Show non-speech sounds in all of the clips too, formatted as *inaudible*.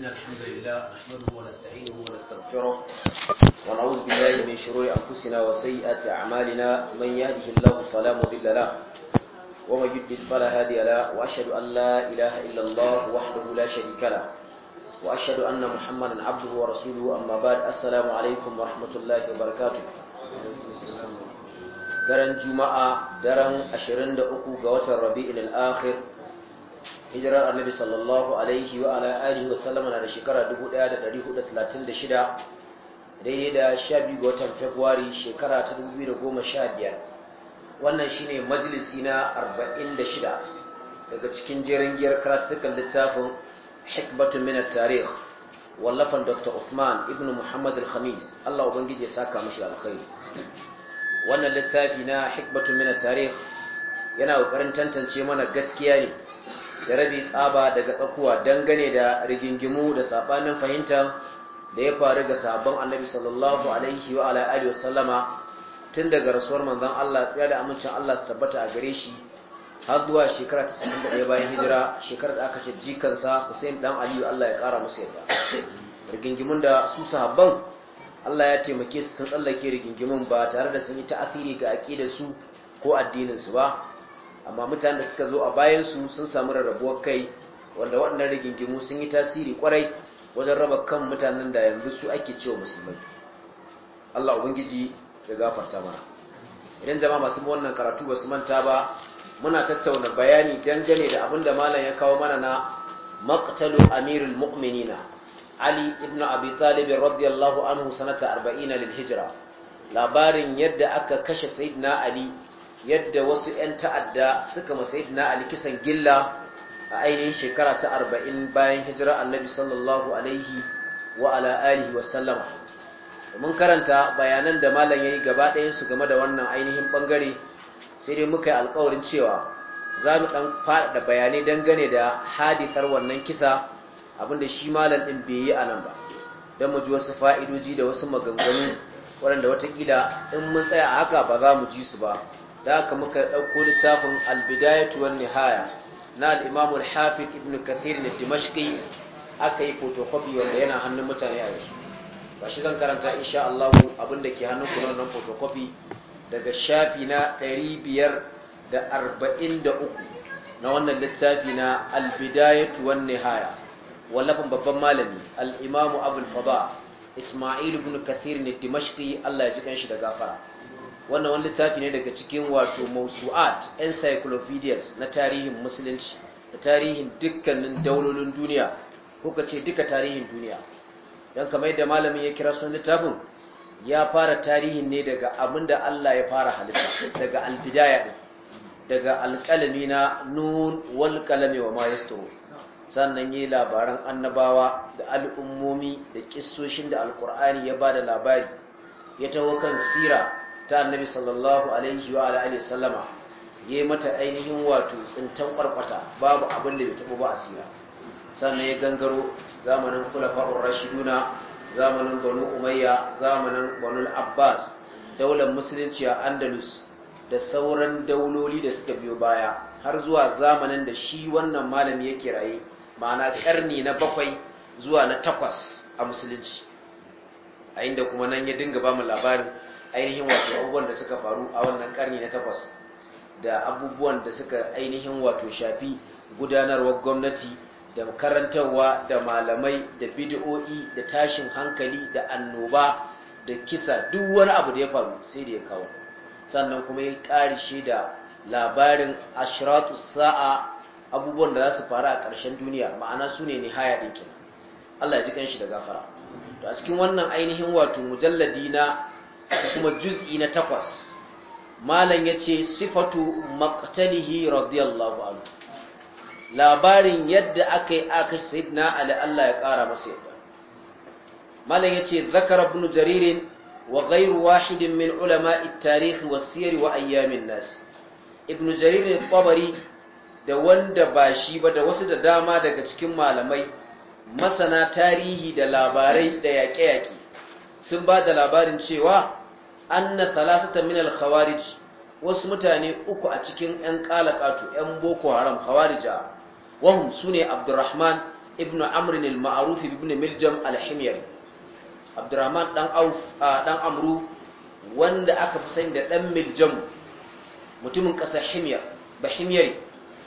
إن الحمد لله نحمده ونستعينه ونستغفره ونعوذ بالله من شرور أنفسنا وسيئات أعمالنا من يهده الله فلا مضل له ومن يضلل فلا هادي له وأشهد أن لا إله إلا الله وحده لا شريك له وأشهد أن محمدا عبده ورسوله أما بعد السلام عليكم ورحمة الله وبركاته daren juma'a daren 23 ga watan rabi'in al'akhir hijirar annabi sallallahu alaihi wa ala alihi wa sallama na da shekara 1436 daidai da 12 ga watan february shekara ta 2015 wannan shine majalisi na 46 daga cikin jerin giyar karatukan littafin hikmatun minar tarih wallafan dr usman ibn muhammad al-khamis allah ubangiji ya saka shi alkhairi wannan littafi na hikmatun minar tarih yana kokarin tantance mana gaskiya ne ya rabi tsaba daga tsakuwa dangane da rigingimu da sabanin fahimta da ya faru ga sabon annabi sallallahu alaihi wa ala wa sallama tun daga rasuwar manzon Allah ya da amincin Allah su tabbata a gare shi har zuwa shekara 91 bayan hijira shekara da aka ce jikansa Hussein dan Aliyu Allah ya kara musu yarda rigingimun da su sahabban Allah ya taimake su sun tsallake rigingimun ba tare da sun yi ta'asiri ga aqidar su ko addinin su ba amma mutane da suka zo a bayan su sun samu rarrabuwar kai wanda waɗannan rigingimu sun yi tasiri kwarai wajen raba kan mutanen da yanzu su ake cewa musulmai Allah ubangiji ya gafarta mana idan jama'a masu wannan karatu ba su manta ba muna tattauna bayani dangane da abin da malam ya kawo mana na maqtalu amirul mu'minina ali ibn abi talib radiyallahu anhu sanata 40 lil hijra labarin yadda aka kashe sayyidina ali yadda wasu 'yan ta'adda suka masayid na alikisan gilla a ainihin shekara ta arba'in bayan hijira annabi sallallahu alaihi wa ala'arihi wa wasallama mun karanta bayanan da malam ya yi gaba ɗayansu game da wannan ainihin ɓangare sai dai muka yi alkawarin cewa za mu ɗan faɗaɗa bayanai dangane da hadisar wannan kisa abinda shi malam ɗin bai yi a nan ba don mu ji wasu fa'idoji da wasu maganganu waɗanda watakila in mun tsaya a haka ba za mu ji su ba da aka muka ɗauko littafin albidayatu wa nihaya na al-imam al-hafiz ibn kathir na dimashqi aka yi photocopy wanda yana hannun mutane a yanzu shi zan karanta insha Allah abin da ke hannun ku nan photocopy daga shafi na 543 na wannan littafi na albidayatu wa nihaya wallafin babban malami al-imam abul isma'il ibn kathir na dimashqi Allah ya ji kanshi da gafara wannan wani littafi ne daga cikin wato mausu'at encyclopedias na tarihin musulunci da tarihin dukkanin daulolin duniya ko ka ce duka tarihin duniya don kamar yadda malamin ya kira sun littafin ya fara tarihin ne daga abin da Allah ya fara halitta daga albidaya daga alƙalami na nun wal wa ma yasturu sannan yi labaran annabawa da al'ummomi da kistoshin da alƙur'ani ya ba da labari ya taho kan sira ta annabi sallallahu alaihi wa alihi sallama ya mata ainihin wato tsintan kwarkwata babu abin da bai taɓa ba a sina. sannan ya gangaro zamanin khulafa'ur rashiduna zamanin banu umayya zamanin banu abbas daular musulunci a andalus da sauran dauloli da suka biyo baya har zuwa zamanin da shi wannan malami yake raye ma'ana karni na bakwai zuwa na takwas a musulunci a inda kuma nan ya dinga ba mu labarin ainihin wato abubuwan da suka faru a wannan karni na takwas da abubuwan da suka ainihin wato shafi gudanarwar gwamnati da karantarwa da malamai da bidiyo'i da tashin hankali da annoba da kisa duk wani abu da ya faru sai da ya kawo sannan kuma ya karishe da labarin ashiratu sa'a abubuwan da za su faru a ƙarshen duniya ma'ana su ne nihaya ɗinkin Allah ya ji shi da gafara to a cikin wannan ainihin wato mujalladi na kuma juz'i na takwas malam ya ce sifatu maktalihi radiyallahu anhu labarin yadda aka yi aka sayidina ali Allah ya ƙara masa yadda malam ya ce zakara ibn jaririn wa gairu wahidin min ulama tarihi wa siyar wa ayyamin nasi, ibn jaririn kwabari da wanda ba shi ba da wasu da dama daga cikin malamai masana tarihi da labarai da yaƙe-yaƙe sun ba da labarin cewa anna salasata min al-khawarij wasu mutane uku a cikin ‘yan kala-katu ‘yan boko haram khawarija wahum sune Abdurahman abdurrahman ibn amrin al-ma'arufi ibn miljam al-himyari abdurrahman amru wanda aka fi sani da Dan miljam mutumin ƙasar himyar ba himyari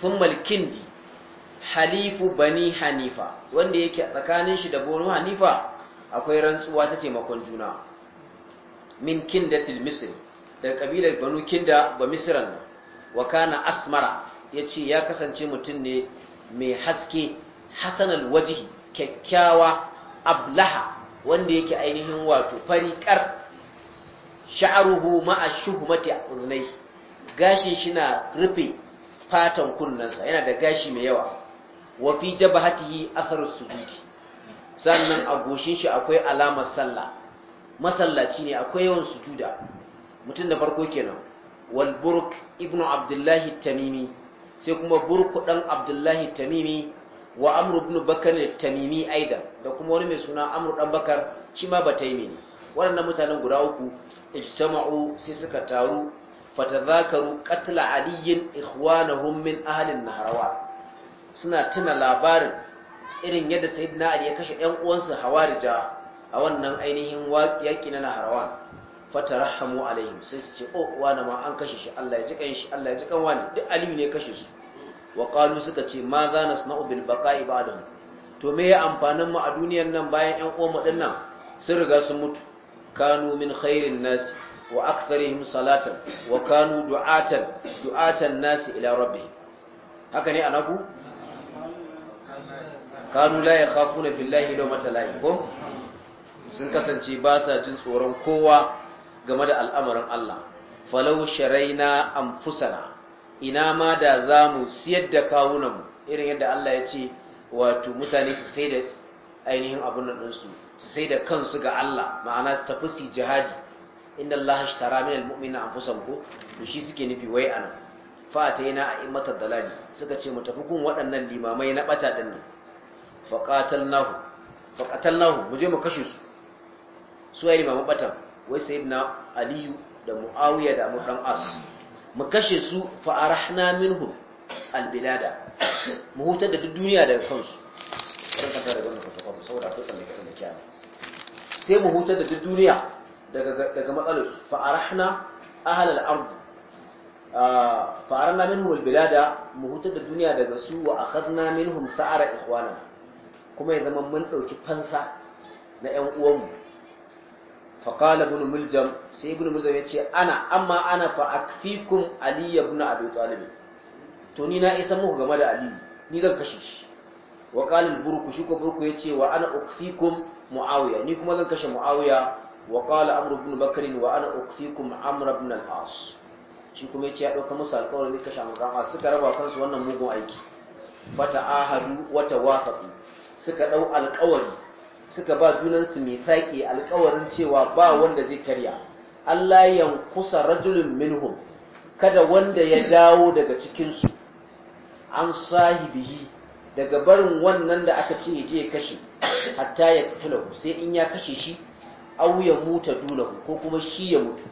sun halifu bani hanifa wanda yake tsakanin shi da Bono hanifa akwai rantsuwa ta taimakon juna min kindatil misr daga kabilar banu kinda ba misran wa kana asmara yace ya kasance mutum ne mai haske hasanal wajihi kyakkyawa ablaha wanda yake ainihin wato fariƙar sha'aruhu ma'a shuhumati uznai gashin shi na rufe fatan kunnensa yana da gashi mai yawa wa fi jabhatihi atharu sujudi sannan a goshin shi akwai alamar sallah masallaci ne akwai yawan sujuda mutum da farko kenan walburk ibnu abdullahi tamimi sai kuma burku dan abdullahi tamimi wa amru ibn bakar tamimi aidan da kuma wani mai suna amru dan bakar shi ma bataimi ne waɗannan mutanen guda uku ijtama'u sai suka taru fatadhakaru qatl aliyin ikhwanahum min ahli nahrawa suna tuna labarin irin yadda sayyidina ali ya kashe ƴan uwansa hawarija a wannan ainihin yaƙi na naharawan fatarahamu alaihim sai su ce oh wani ma an kashe shi Allah ya jikan shi Allah ya jikan wani duk aliyu ne kashe su wa qalu suka ce ma za nasna'u bil baqa'i ba'dahum to me ya amfanin mu a duniyar nan bayan ƴan uwan din nan sun riga sun mutu kanu min khairin nas wa aktharihim salatan wa kanu du'atan du'atan nas ila rabbihim haka ne a anaku kanu la yakhafuna billahi lawmata la'im ko sun kasance ba sa jin tsoron kowa game da al'amarin Allah falau sharaina anfusana ina ma da za mu siyar da kawunanmu irin yadda Allah ya ce wato mutane su sai da ainihin abun nan su sai da kansu ga Allah ma'ana su tafi su jihadi inda Allah ashtara min almu'mina anfusahum ko to shi suke nufi wai anan fa ta yana a immatar dalali suka ce mu tafi gun waɗannan limamai na bata din nan fa qatalnahu fa qatalnahu mu je mu kashe su su ya limaman batan wai sai na aliyu da mu'awiya da amurdan as mu kashe su fa'arahna minhum albilada mu hutar da duk duniya daga kansu da daga ko sai mu hutar da duk duniya daga matsalarsu fa'arahna ahalar ardu ah, fa'arahna minhum albilada mu hutar da duniya daga su wa akhadna minhum sa'ara ikhwana kuma ya zama mun ɗauki fansa na 'yan uwanmu فقال ابن muljam sai ابن muljam ya ce ana amma ana fa akfikum ali طالب تو ني to ni na isa muku game da ali ni zan kashe shi wa يتي وانا burku معاويه ني burku yace wa معاويه وقال muawiya ni kuma zan kashe عمرو بن العاص شو ibn يتي wa ana ukfikum ني ibn al as كربا kuma ya kashe raba kansu wannan mugun aiki fata ahadu wata tawafaqu suka dau alƙawari suka ba junansu saki alkawarin cewa ba wanda zai karya Allah Ya kusa rajulun minhum kada wanda ya dawo daga cikin su an sahibihi daga barin wannan da aka ce je ya kashe hatta ya kutulahu sai in ya kashe shi au ya muta dunahu ko kuma shi ya mutu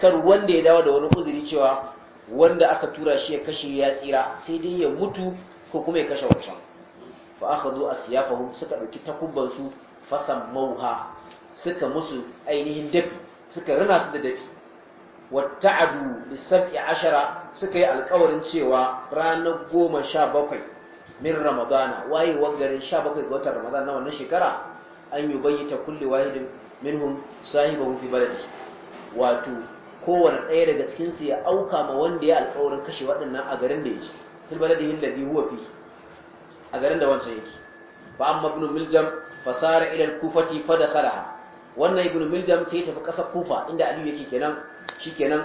kar wanda ya dawo da wani uzuri cewa wanda aka tura shi ya kashe ya tsira sai dai ya mutu ko kuma ya kashe wancan fa akhadhu asyafahum suka dauki takubban su fasammauha suka musu ainihin dafi suka rina su da dafi Wata bi sab'i ashara suka yi alƙawarin cewa ranar goma sha bakwai min ramadana Waye wangarin sha bakwai ga watan ramadana na wannan shekara an yi ta kulle wahidin minhum sahibahu hufi baladi wato kowane ɗaya daga cikinsu ya auka ma wanda ya alƙawarin kashe waɗannan a garin da yake fil baladi da huwa fi a garin da wancan yake Ba amma ibn miljam fasara ila kufati fa wannan ibnu miljam sai ya tafi kasar kufa inda aliyu yake kenan shikenan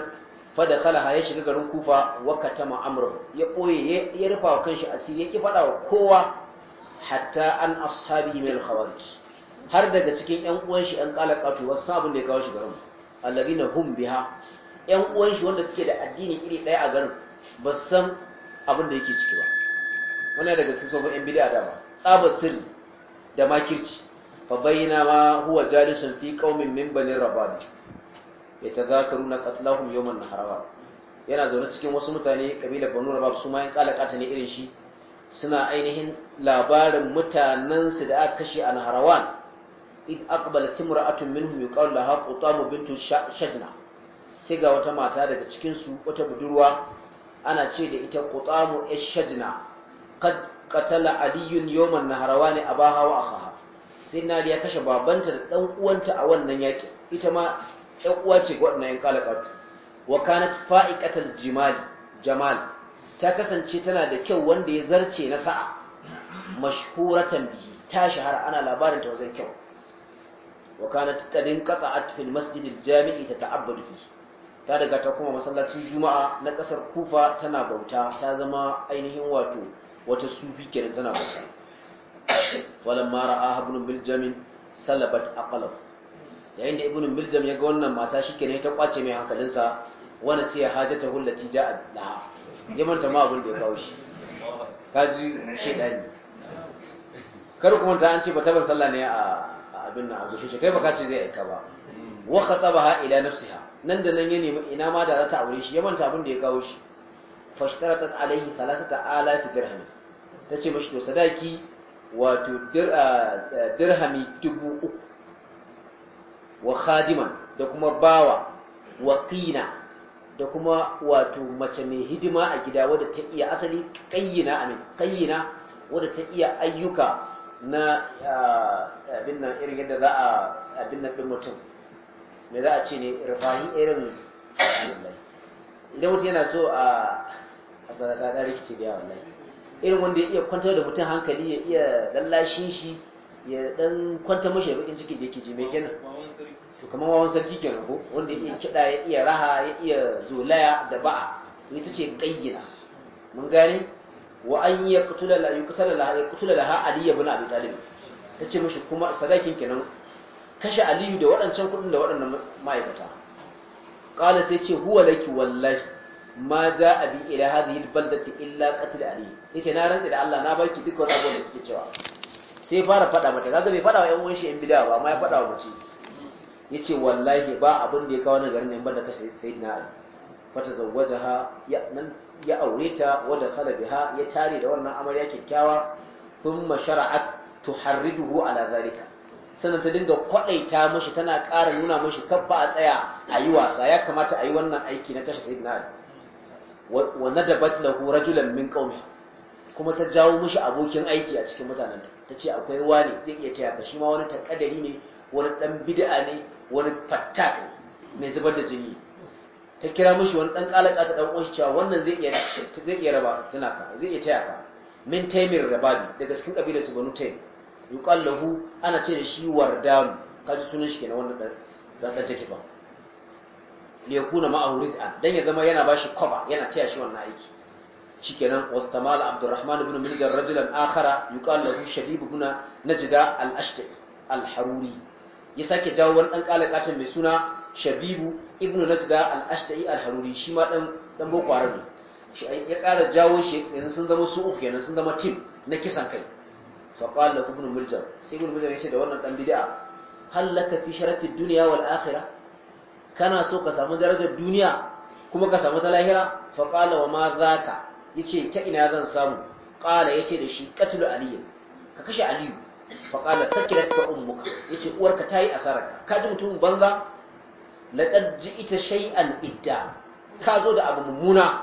fa dakhalaha ya shiga garin kufa wa katama amru ya koye ya rufa wa kanshi asiri yake fada wa kowa hatta an ashabi min al-khawarij har daga cikin ƴan uwan shi ƴan kalakatu wasu abin da ya kawo shi garin alladina hum biha ƴan uwan shi wanda suke da addini iri daya a garin ba san abin da yake ciki ba wannan daga cikin sabon ƴan bid'a da ba tsabar sirri da makirci fa bayyana ma huwa jalisun fi qaumin min bani rabab yatazakaruna qatlahum yawman naharawa yana zaune cikin wasu mutane kabilar banu rabab su ma yan kalakata ne irin shi suna ainihin labarin mutanensu da aka kashe a naharawan id aqbalat timra'atun minhum yuqalu laha qutamu bintu shajna sai ga wata mata daga cikin su wata budurwa ana ce da ita qutamu ash-shajna katala aliyun yawman naharawani abaha wa akhaha sai ali ya kashe babanta da dan uwanta a wannan yaki ita ma ƴan uwa ce ga wannan ƴan kalakatu wa kanat fa'iqatal jimal jamal ta kasance tana da kyau wanda ya zarce na sa'a mashhuratan bihi ta shahara ana labarin ta wajen kyau wa kanat qadin qata'at fil masjidil jami'i tata'abbadu fihi ta daga ta kuma masallacin juma'a na kasar kufa tana bauta ta zama ainihin wato wata sufi kenan tana bauta falamma ra'a ibn miljam salabat aqlahu yayin da ibn miljam ya ga wannan mata shi shikenan ta kwace mai hankalinsa wani sai hajata hullati ja'a laha ya manta ma abin da ya kawo shi kaji shedani kar kuma ta an ce ba tabar sallah ne a abin nan a gushe kai baka ce zai aika ba wa khatabaha ila nafsiha nan da nan ya nemi ina ma da za ta aure shi ya manta abin da ya kawo shi fashtaratat alaihi thalathata alaf dirham ta ce mashi to sadaki wato dirhami dubu uku wa khadiman da kuma bawa wa kina da kuma wato mace mai hidima a gida wadda ta iya asali kayyina amin kayyina wadda ta iya ayyuka na abin nan irin yadda za a abin nan ɗin mutum mai za a ce ne rufahi irin idan mutum yana so a sadaka ɗari ce da yawon lai irin wanda ya iya kwantar da mutum hankali ya iya lallashin shi ya dan kwantar mashi bakin ciki da yake ji mai kenan to kamar wawan sarki kenan ko wanda ya iya kiɗa ya iya raha ya iya zolaya da ba'a ta ce kayyina mun gane wa an yaqtula la yuqtala la yaqtula laha ali ibn abi talib tace mashi kuma sadakin kenan kashe aliyu da waɗancan kuɗin da waɗannan ma'aikata qala sai ce huwa laki wallahi ma a bi ila hadhihi albaldati illa qatl ali yace na rantsi da Allah na barki duk wani abu da kike cewa sai fara fada mata kaga bai fada wa ƴan uwan shi ƴan ba amma ya fada wa mace ce wallahi ba abin da ya kawo na garin da banda kashe sayyidina ali Wata zawwajaha ya ya aure ta wa dakhala biha ya tare da wannan amarya kikkiawa thumma shar'at tuharriduhu ala zalika sannan ta dinga ta mashi tana ƙara nuna mashi kabba a tsaya a yi wasa ya kamata a yi wannan aiki na kashe sayyidina ali wa nadabat lahu rajulan min qaumi kuma ta jawo mishi abokin aiki a cikin mutanen ta tace akwai wani zai iya taya ka shi ma wani takaddari ne wani dan bid'a ne wani fattak mai zubar da jini ta kira mishi wani dan kalaka ta dan uwanshi cewa wannan zai iya zai iya raba tana ka zai iya taya ka min taimir rababi daga cikin kabilar su banu tay yuqal lahu ana ce da shi wardan kaji sunan shi kenan wannan dan dan take ba liyakuna ma'ahu rid'an dan ya zama yana bashi koba yana taya shi wannan aiki shikenan wastamala abdurrahman ibn milgar rajulan akhara yuqal lahu shabib ibn najda al-ashti al-haruri ya sake jawo wani dan kalakatan mai suna shabibu ibn najda al-ashti al-haruri shi ma dan dan boko haram ya kara jawo shi yanzu sun zama su uku kenan sun zama team na kisan kai fa qala ibn milgar sai ibn milgar ya ce da wannan dan bid'a hal laka fi sharafi dunya wal akhirah kana so ka samu darajar duniya kuma ka samu ta lahira Faƙala wa ma ya ce ta ina zan samu Ƙala ya ce da shi qatlu aliyu ka kashe aliyu Faƙala fa qala takilat ka ummuka yace uwarka yi asararka ka ji mutum banza laqad ji'ita shay'an idda ka zo da abu mummuna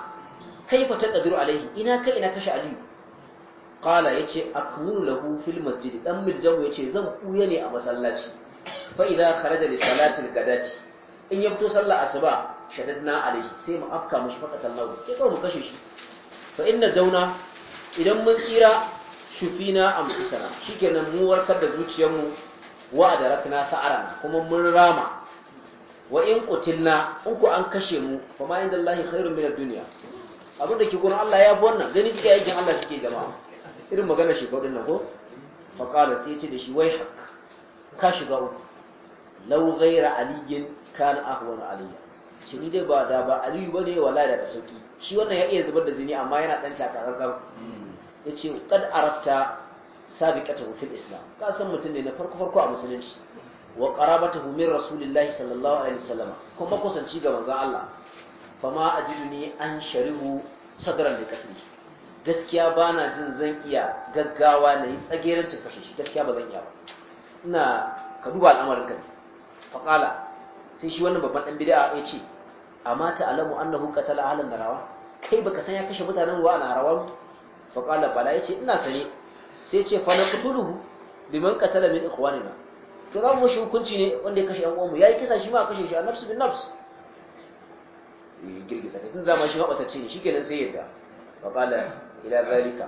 kaifa taqdiru alaihi ina kai ina kashe aliyu Ƙala ya ce yace akunu lahu fil masjid dan mijjamu ce zan buya ne a masallaci fa idza kharaja li salati al in ya fito sallar asuba shadadna alaihi sai mu afka mushi fakatan lahu sai kawai mu kashe shi fa inna zauna idan mun tsira shufina amsusana shikenan mu warkar da zuciyarmu wa adarakna sa'arana kuma mun rama wa in qutilna in ku an kashe mu fa ma inda Allah khairun min ad-dunya abin da ke gurin Allah ya fi wannan gani suke aikin Allah suke jama'a irin magana shi kwadin nan ko fa qala sai ce da shi wai hak ka shiga uku law ghayra aliyin kana ahwan alayya ki ni dai ba da ba aliyu bane wallahi da sauki shi wannan ya iya zubar da jini amma yana dan takarar yace kad arafta sabiqatahu fil islam ka san mutum ne na farko farko a musulunci wa qarabatahu min rasulillahi sallallahu alaihi wasallam kuma kusanci ga manzon Allah fama ajiduni an sharihu sadran da kafi gaskiya bana jin zan iya gaggawa na yi tsagerancin kashe shi gaskiya ba zan iya ba ina ka duba al'amarin ka qala sai shi wannan babban dan bid'a ya ce amma ta'lamu annahu qatala ahlan narawa kai baka san ya kashe mutanen wa narawa fa qala bala yace ina sane sai ce fa naqtuluhu liman qatala min ikhwanina to za mu shi hukunci ne wanda ya kashe yan uwanmu yayi kisa shi ma kashe shi a nafsu bin nafs girgiza kai tun zama shi ma batacce ne shikenan sai yadda fa qala ila zalika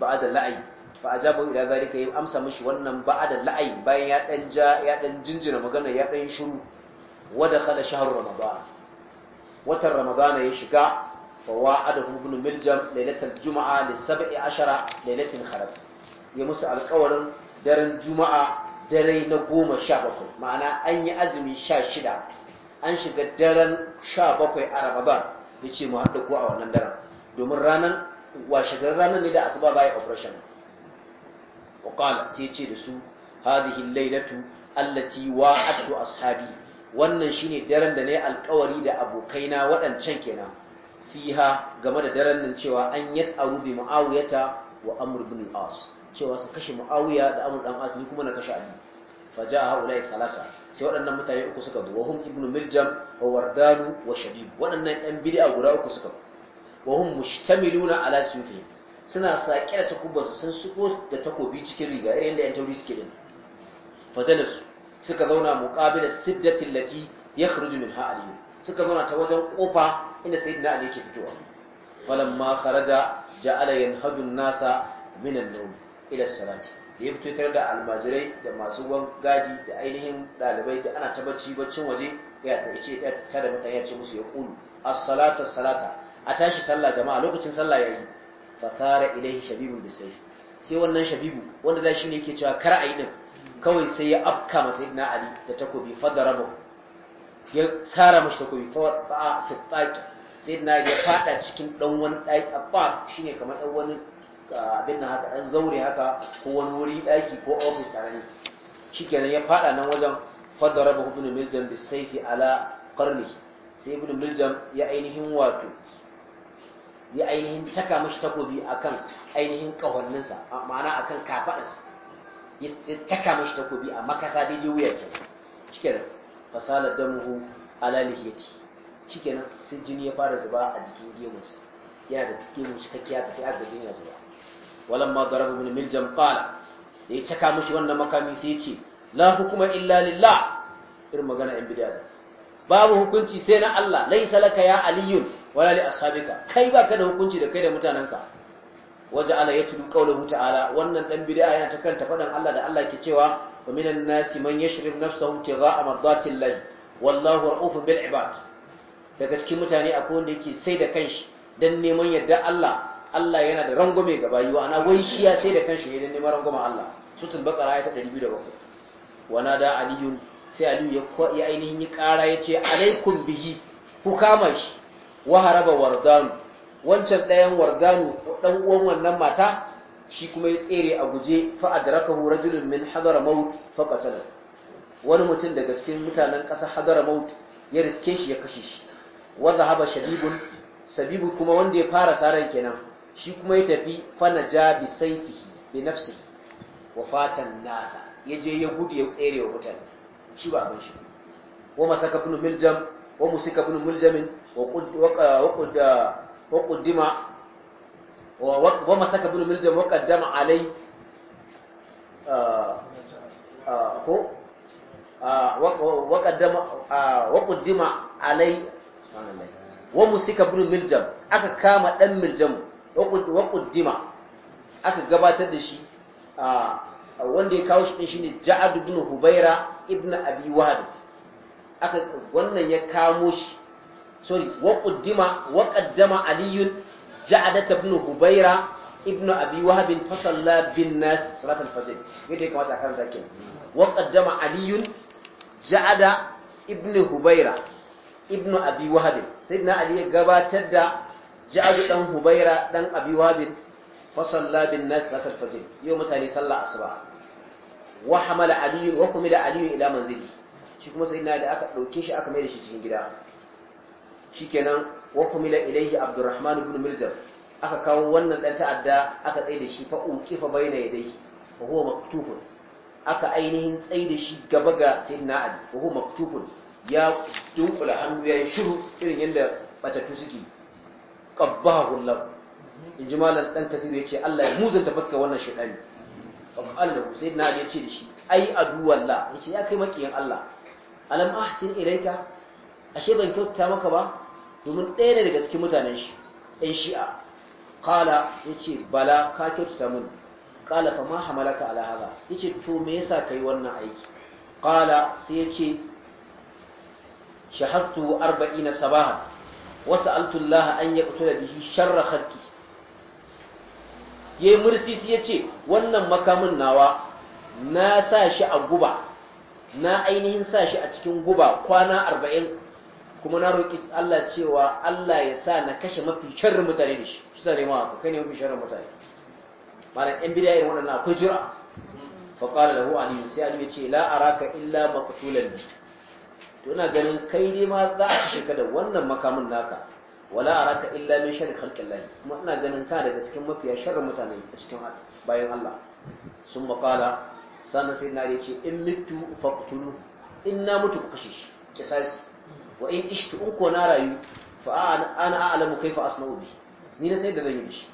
ba'da la'ayi. fa ajabu ila zalika ya amsa mishi wannan adal la'ayi bayan ya dan ja ya dan jinjina magana ya dan shiru wa dakhala shahr ramadan watan ramadan ya shiga fa wa'adahu ibn miljam lailatul jumu'a li 17 lailatin kharaj ya musu alƙawarin daren juma'a dare na goma sha bakwai ma'ana an yi azumi sha shida an shiga daren sha bakwai a ramadan ya ce mu haɗa ko a wannan daren domin ranar washegar ranar ne da asuba bayan operation wa qala sai ce da su hadhihi al-lailatu allati wa'adtu ashabi wannan shine daren da nayi alƙawari da abokaina waɗancan kenan fiha game da daren nan cewa an yat'aru bi muawiyata wa amr ibn al-as cewa su kashe muawiya da amr dan as ni kuma na kashe ali faja haulai thalasa sai waɗannan mutane uku suka zo wahum Ibn miljam wa wardanu wa shabib waɗannan ɗan bid'a guda uku suka zo wahum mushtamiluna ala sufi suna saƙe da takubansu sun shigo da takobi cikin riga irin da 'yan tauri suke din fazalasu suka zauna muqabila siddatin lati ya khruju min ha'ali suka zauna ta wajen kofa inda sayyidina ali yake fitowa falamma kharaja ja'ala yanhadu an-nasa min an-nawm ila salati da ya fito tare da almajirai da masu gadi da ainihin dalibai da ana ta bacci baccin waje ya ta ce ta da mutane ya ce musu ya qulu as-salata salata a tashi sallah jama'a lokacin sallah yayi fasara ilaihi shabibun bisayf sai wannan shabibu wanda da shi ne yake cewa kar a yi din kawai sai ya afka masa sayyidina ali da takobi fadarabo ya tsara mashi takobi fa fi tsaki sayyidina ya fada cikin dan wani daki abba shine kamar dan wani abin nan haka dan zaure haka ko wani wuri daki ko office karami shikenan ya fada nan wajen fadarabo ibn miljam bisayfi ala qarni sai ibn miljam ya ainihin wato ya ainihin caka mashi takobi akan ainihin kahonninsa ma'ana akan kafadarsa ya caka mashi takobi a makasa daidai wuya ke shikenan fasala damuhu ala lihiyati shikenan sai jini ya fara zuba a jikin gemunsa yana da gemun cikakkiya ka sai aka jini ya zuba ma darabu min miljam qala da ya caka mashi wannan makami sai ya ce la hukuma illa lillah irin magana yan bid'a babu hukunci sai na Allah laysa laka ya aliyun wala li ashabika kai ba ka da hukunci da kai da ka. waje ala yatlu qawluhu ta'ala wannan dan bid'a yana ta kanta fadan Allah da Allah ke cewa wa minan nasi man yashrif nafsahu tigha'a mardatillahi wallahu ra'ufun bil ibad daga cikin mutane akwai wanda yake sai da kanshi dan neman yadda Allah Allah yana da rangwame ga bayi wa ana wai shi ya sai da kanshi ne dan neman rangwamen Allah sutul baqara ayat 207 wa nada aliyun sai aliyu ya ainihin yi kara yace alaikum bihi ku kama shi wa haraba wardanu wancan ɗayan wardanu ɗan uwan wannan mata shi kuma ya tsere a guje fa adrakahu rajulun min hadara maut fa qatala wani mutum daga cikin mutanen ƙasa hadara maut ya riske shi ya kashe shi wa zahaba shabibun sabibu kuma wanda ya fara saran kenan shi kuma ya tafi fa naja bi sayfihi bi nafsi wa fatan nasa ya je ya gudu ya tsere wa mutane shi ba ban shi wa masaka ibn miljam wa musika ibn miljamin wa kuddima wa masaka bin miljam wa kaddama alai ko wa kuddima alai wa aka kama dan miljam wa kuddima aka gabatar da shi wanda ya kawo shi shine ja'ad ibn hubaira ibn abi wahab aka wannan ya kamo shi sorry wa qaddima wa qaddama ali ja'adat ibn hubaira ibn abi wahab fa salla bin nas salat al-fajr yadda kamata karanta kin wa qaddama ali ja'ada ibn Hubaira ibn abi wahab sayyidina ali ya gabatar da ja'adu dan Hubaira dan abi wahab fa salla bin nas salat al-fajr yau mutane sallah asuba wa hamala ali wa kumila ali ila manzili shi kuma sayyidina ali aka dauke shi aka mai da shi cikin gida shikenan wa ilayhi abdurrahman ibn miljam aka kawo wannan dan ta'adda aka tsaye da shi fa uqifa bayna yadayhi wa huwa maktufun aka ainihin tsaye da shi gaba ga sayyidina ali wa huwa maktufun ya dunkula hannu ya yi shiru irin yadda batatu suke qabbahu Allah in ji malam dan kafiru yace Allah ya muzanta fuskar wannan shaytani qabbalahu sayyidina ali yace da shi ai adu wallah yace ya kai makiyin Allah alam ahsin ilaika ashe ban kyauta maka ba domin ɗaya ne daga cikin mutanen shi ɗan shi'a kala ya ce bala ka kyautata mun kala fa ma hamalaka ala ya ce to me yasa ka yi wannan aiki kala sai ya ce shahattu na sabaha wasu altullaha an yi fito da bihi sharra harki ya yi mursisi ya ce wannan makamin nawa na sa shi a guba na ainihin sa shi a cikin guba kwana arba'in kuma na roƙi Allah cewa Allah ya sa na kashe mafi sharrin mutane da shi shi sa ne ma kai ne mafi sharrin mutane malam yan bidiya irin waɗannan akwai jira fa qala lahu ali sai ali ya ce la araka illa maqtulan to ina ganin kai ne ma za a kashe ka da wannan makamin naka wala araka illa min sharri khalqillah kuma ina ganin ka daga cikin mafi sharrin mutane a cikin bayan Allah sun maƙala sannan sai na ya ce in mitu faqtulu in na mutu ku kashe shi kisasi wa in ishtu in ko na rayu fa ana a'lamu kaifa asna'u bi ni na sai da zan yi shi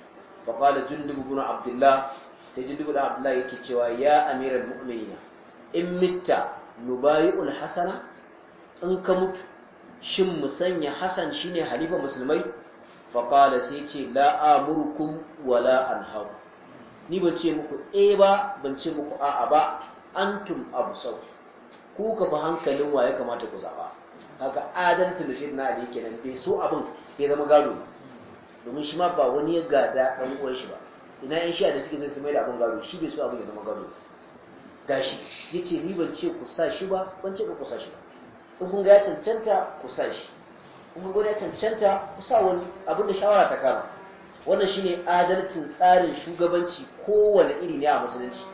fa qala jundub ibn abdullah sai jundub ibn abdullah yake cewa ya amiral mu'minina in mitta nubayi'ul hasana in ka mutu shin mu sanya hasan shine halifa musulmai fa qala sai ce la amurukum wala anhaku ni ban ce muku eh ba ban ce muku a'a ba antum sau ku ka fa hankalin wa ya kamata ku zaba Haka adalcin da sayyidina ali nan bai so abin bai zama gado domin shi ma ba wani ya gada ɗan uwan shi ba ina yan shi da suke zai su mai da abin gado shi bai so abin ya zama gado gashi ce ni ban ce ku sa shi ba ban ce ku sa shi ba in kun ga ya cancanta ku sa shi in kun ga ya cancanta ku sa wani abin da shawara ta kama wannan shine adalcin tsarin shugabanci kowane iri ne a musulunci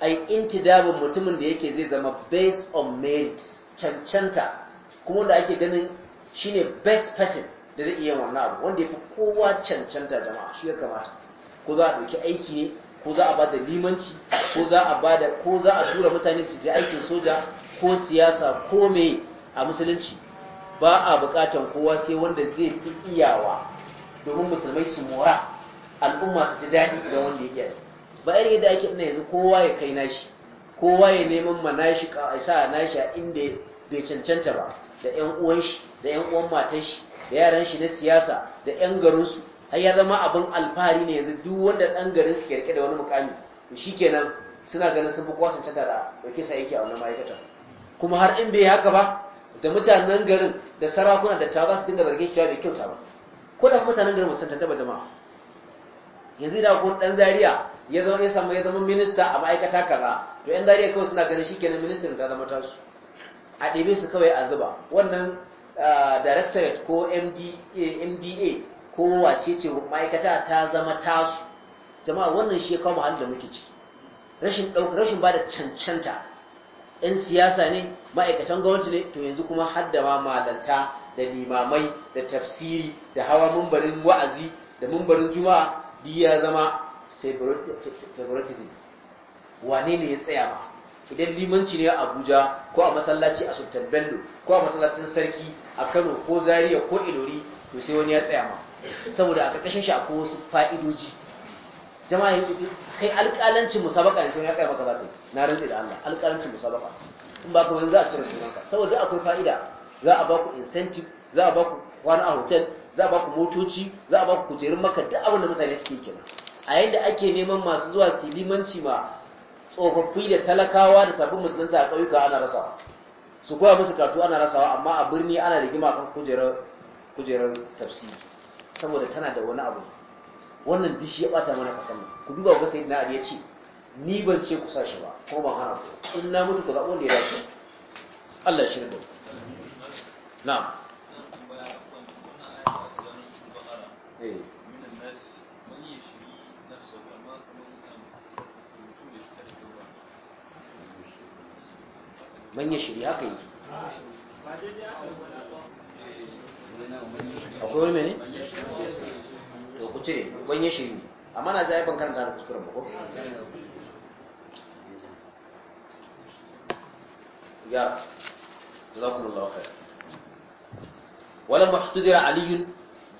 ai intidabin mutumin da yake zai zama based on merit cancanta kuma wanda ake ganin shine best person da zai iya wannan abu wanda ya fi kowa cancanta jama'a shi ya kamata ko za a ɗauki aiki ne ko za a ba da limanci ko za a ba da ko za a tura mutane su je aikin soja ko siyasa ko me a musulunci ba a buƙatan kowa sai wanda zai fi iyawa domin musulmai su mora al'umma su ji daɗi idan wanda ya iya ba irin yadda ake ina yanzu kowa ya kai nashi kowa ya neman ma nashi ka sa nashi a inda bai cancanta ba da ƴan uwan shi da ƴan uwan matan shi da yaran shi na siyasa da ƴan garin su har ya zama abin alfahari ne yanzu duk wanda ɗan garin su ke rike da wani mukami to shikenan suna ganin sun fi kwasan ta da dauke sa yake a wannan ma'aikata. kuma har in bai haka ba da mutanen garin da sarakuna da ba su dinga zargin shi bai kyauta ba ko da mutanen garin ta tantaba jama'a yanzu da ko dan Zariya ya zama ya samu ya zama minista a ma'aikata kaza to yan Zariya kawai suna ganin shikenan ministan ta zama tasu a ɗebe su kawai a zuba wannan directorate ko mda ko wace ce ma'aikata ta zama tasu jama'a wannan shi kawo muhallin da muke ciki rashin ɗauka rashin ba da cancanta 'yan siyasa ne ma'aikatan gwamnati ne to yanzu kuma haddama malanta da limamai da tafsiri da hawa mumbarin wa'azi da mumbarin juma'a di ya zama favoritism wane ne ya tsaya ba idan limanci ne a abuja ko a masallaci a sultan bello ko a masallacin sarki a kano ko zaria ko ilori to sai wani ya tsaya ma saboda a ƙarƙashin shi akwai wasu fa'idoji jama'a kai alƙalancin musabaka ne sai wani ya tsaya maka zaka na rantsi da Allah alƙalancin musabaka in ba ka wani za a cire sunanka saboda akwai fa'ida za a ba ku incentive za a ba ku wani a hotel za a ba ku motoci za a ba kujerun maka duk abin da mutane suke kenan a yadda ake neman masu zuwa su limanci ma tsofaffi da talakawa da sabbin musulunta a ƙauyuka ana rasawa su koya musu katu ana rasawa amma a birni ana rigima kan kujerar tafsi, saboda tana da wani abu wannan dishi ya bata mana kasan ku duba ga sai na ya ce ni ban ce ku sashi ba ko ban hana ku in na mutu ku zaɓo wanda ya dace Allah shi da na'am eh من يشريها كيف أقول مني لو كتير من يشري أما أنا زاي بنكر كارو كسر بقى يا جزاكم الله خير ولما احتضر علي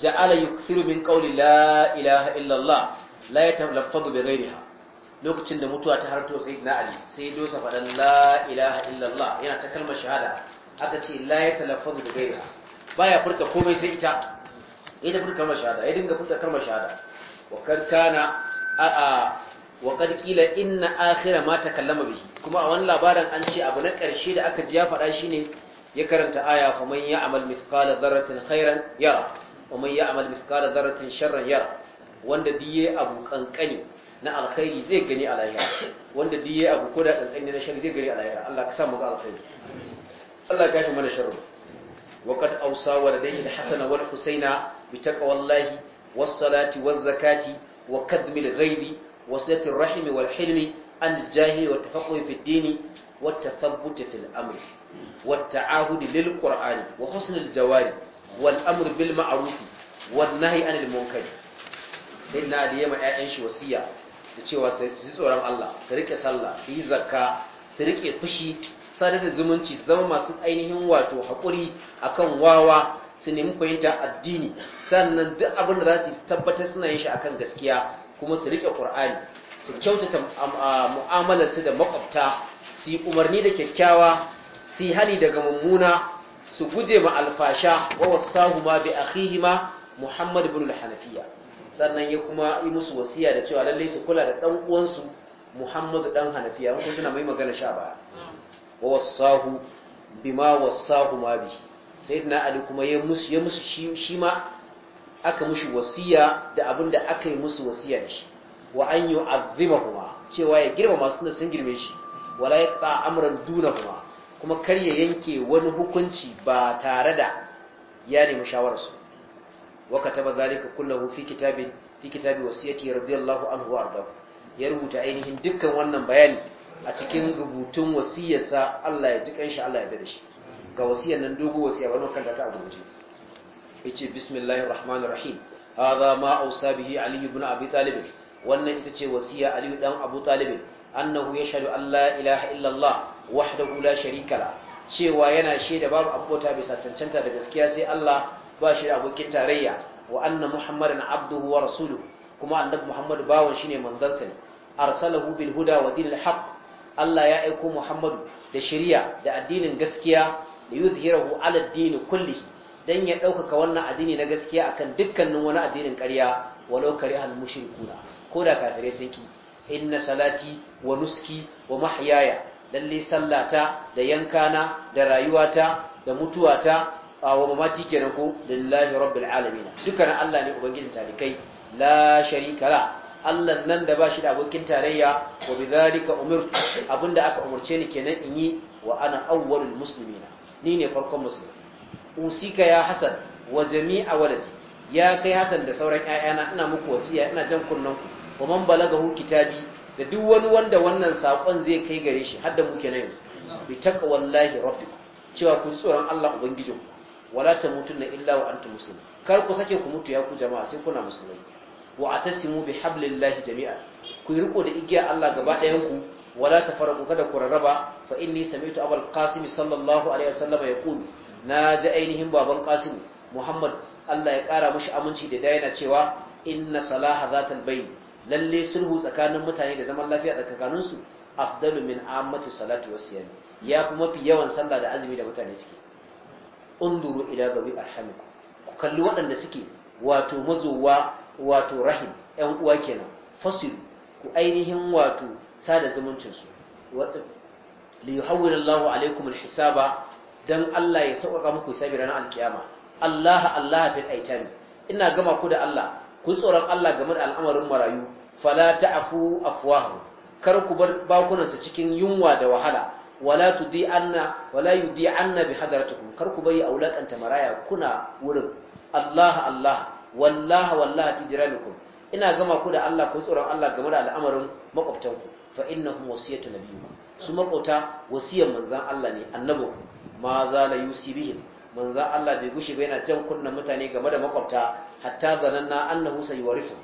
جعل يكثر من قول لا إله إلا الله لا يتلفظ بغيرها lokacin da mutuwa ta harto sai na ali sai dosa faɗan la ilaha illallah yana ta kalmar shahada aka ce la ya talaffazu da gaira baya furta komai sai ita ya ta furta kalmar shahada ya dinga furta kalmar shahada wa kad kana a a wa kad qila inna akhira ma takallama bihi kuma a wani labarin an ce abu na ƙarshe da aka ji ya faɗa shi ne ya karanta aya fa man amal mithqala dharratin khairan yara wa man amal mithqala dharratin sharran yara wanda diye abu kankani na alkhairi zai gani a lahira wanda duk yayi abu koda kankani na sharri zai gani a lahira Allah ka sa mu ga alkhairi Allah ya shi mana sharri wa qad awsa waladayhi al-hasan wal husaina bi taqwallahi was salati waz zakati wa kadmi al-ghaibi wa silati ar-rahimi wal hilmi al-jahili wa tafaqquhi fi ad-dini wa tathabbut fi al-amri wa at lil qur'ani wa husn al-jawari wal amri bil ma'ruf wan nahyi anil munkar sayyidina ali ma ayyan shi wasiya da cewa su yi tsoron Allah su rike sallah su yi zakka su rike fushi sadar da zumunci su zama masu ainihin wato haƙuri akan wawa su nemi fahimta addini sannan duk abin da za su tabbatar suna yin shi akan gaskiya kuma su rike ƙur'ani su kyautata mu'amalar su da makwabta su yi umarni da kyakkyawa su yi hali daga mummuna su guje ma alfasha wa wasahuma bi akhihima Muhammad ibn al-Hanafiya sannan ya kuma yi musu wasiya da cewa lallai su kula da dan uwansu Muhammadu dan Hanafiya an kuma tana mai magana sha baya wa wasahu bima wasahu ma bi sayyidina Ali kuma ya musu ya musu shi ma aka mushi wasiya da abinda aka yi musu wasiya da shi wa an yu'azzimahuma cewa ya girma masu da sun girme shi wala yaqta amran dunahuma kuma kar ya yanke wani hukunci ba tare da ya nemi shawararsu wa kataba zalika kullahu fi kitabin fi kitabi wasiyati radiyallahu anhu warda ya rubuta ainihin dukkan wannan bayani a cikin rubutun wasiyarsa Allah ya ji kanshi Allah ya dade shi ga wasiyar nan dogo wasiya wani kanta ta abuji yace bismillahir rahmanir rahim hadha ma awsa bihi ali ibn abi talib wannan ita ce wasiya ali dan abu talib annahu yashhadu an la ilaha illa allah wahdahu la sharika la cewa yana shaida babu abota bisa da gaskiya sai Allah ba shi da abokin tarayya wa anna muhammadan abduhu wa rasuluhu kuma annabi Muhammadu bawan ne manzansa ne arsalahu bil huda wa dinil haqq Allah ya aiko muhammadu da shari'a da addinin gaskiya da yuzhirahu ala addini kulli dan ya ɗaukaka wannan addini na gaskiya akan dukkanin wani addinin ƙarya walau karihal mushrikuna ko da kafirai sun ki inna salati wa nuski wa mahyaya lalle sallata da yankana da rayuwata da mutuwata wa mamati kenan ko lillahi rabbil alamin dukkan Allah ne ubangijin talikai la sharika la Allah nan da bashi da abokin tarayya wa bidhalika umirtu abinda aka umurce ni kenan in yi wa ana awwalul muslimina ni ne farkon musulmi usika ya hasan wa jami'a waladi ya kai hasan da sauran ƴaƴana ina muku wasiya ina jan kunnan ku wa man balagahu kitabi da duk wani wanda wannan sakon zai kai gare shi hadda muke na yanzu bi taqwallahi rabbikum cewa ku tsoron Allah ubangijinku wala tamutunna illa wa antum muslimun kar ku sake ku mutu ya ku jama'a sai kuna musulmai wa atasimu bihablillahi jami'an ku riko da igiya Allah gaba ɗayan ku wala tafarraqu kada ku rarraba fa inni sami'tu abul qasim sallallahu alaihi wasallam yaqul na ji ainihin baban qasim muhammad Allah ya kara mushi aminci da dayana cewa inna salaha zatal bayn lalle sulhu tsakanin mutane da zaman lafiya tsakaninsu afdalu min ammati salatu Wasu ya fi mafi yawan sallah da azumi da mutane suke unzuru ila gabi arhamikum ku kalli waɗanda suke wato mazowa wato rahim ƴan uwa kenan fasilu ku ainihin wato sada zumuncin su li yuhawwil Allahu alaikum alhisaba dan Allah ya sauƙaƙa muku hisabi ranar alkiyama Allah Allah fil aitami ina gama ku da Allah ku tsoron Allah game da al'amarin marayu fala ta'fu afwahu kar ku bar bakunan su cikin yunwa da wahala wala tudi anna wala yudi anna bi hadratukum kar ku bari aulakanta maraya kuna wurin Allah Allah wallahi wallahi fi ina gama ku da Allah ku tsoron Allah game da al'amarin makwabtanku fa innahum wasiyatu nabiyyi su makwabta wasiyar manzan Allah ne annabo ma za la yusibihim manzan Allah bai gushi bai yana jan kunnan mutane game da makwabta hatta zananna annahu sayuwarisu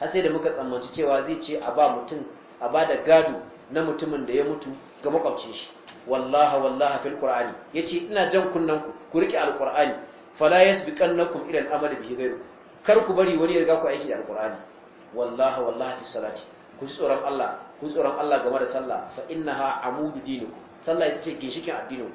har sai da muka tsammanci cewa zai ce a ba mutum a ba da gado na mutumin da ya mutu ga makwabcin shi wallaha wallaha fil qur'ani yace ina jan kunnan ku ku rike alqur'ani fala yasbiqannakum ila al'amali bihi ghayru kar ku bari wani ya riga ku aiki da alqur'ani wallaha wallaha fi salati ku ji tsoron Allah ku ji tsoron Allah game da sallah fa innaha amudu dinikum sallah ita ce ginshikin addinin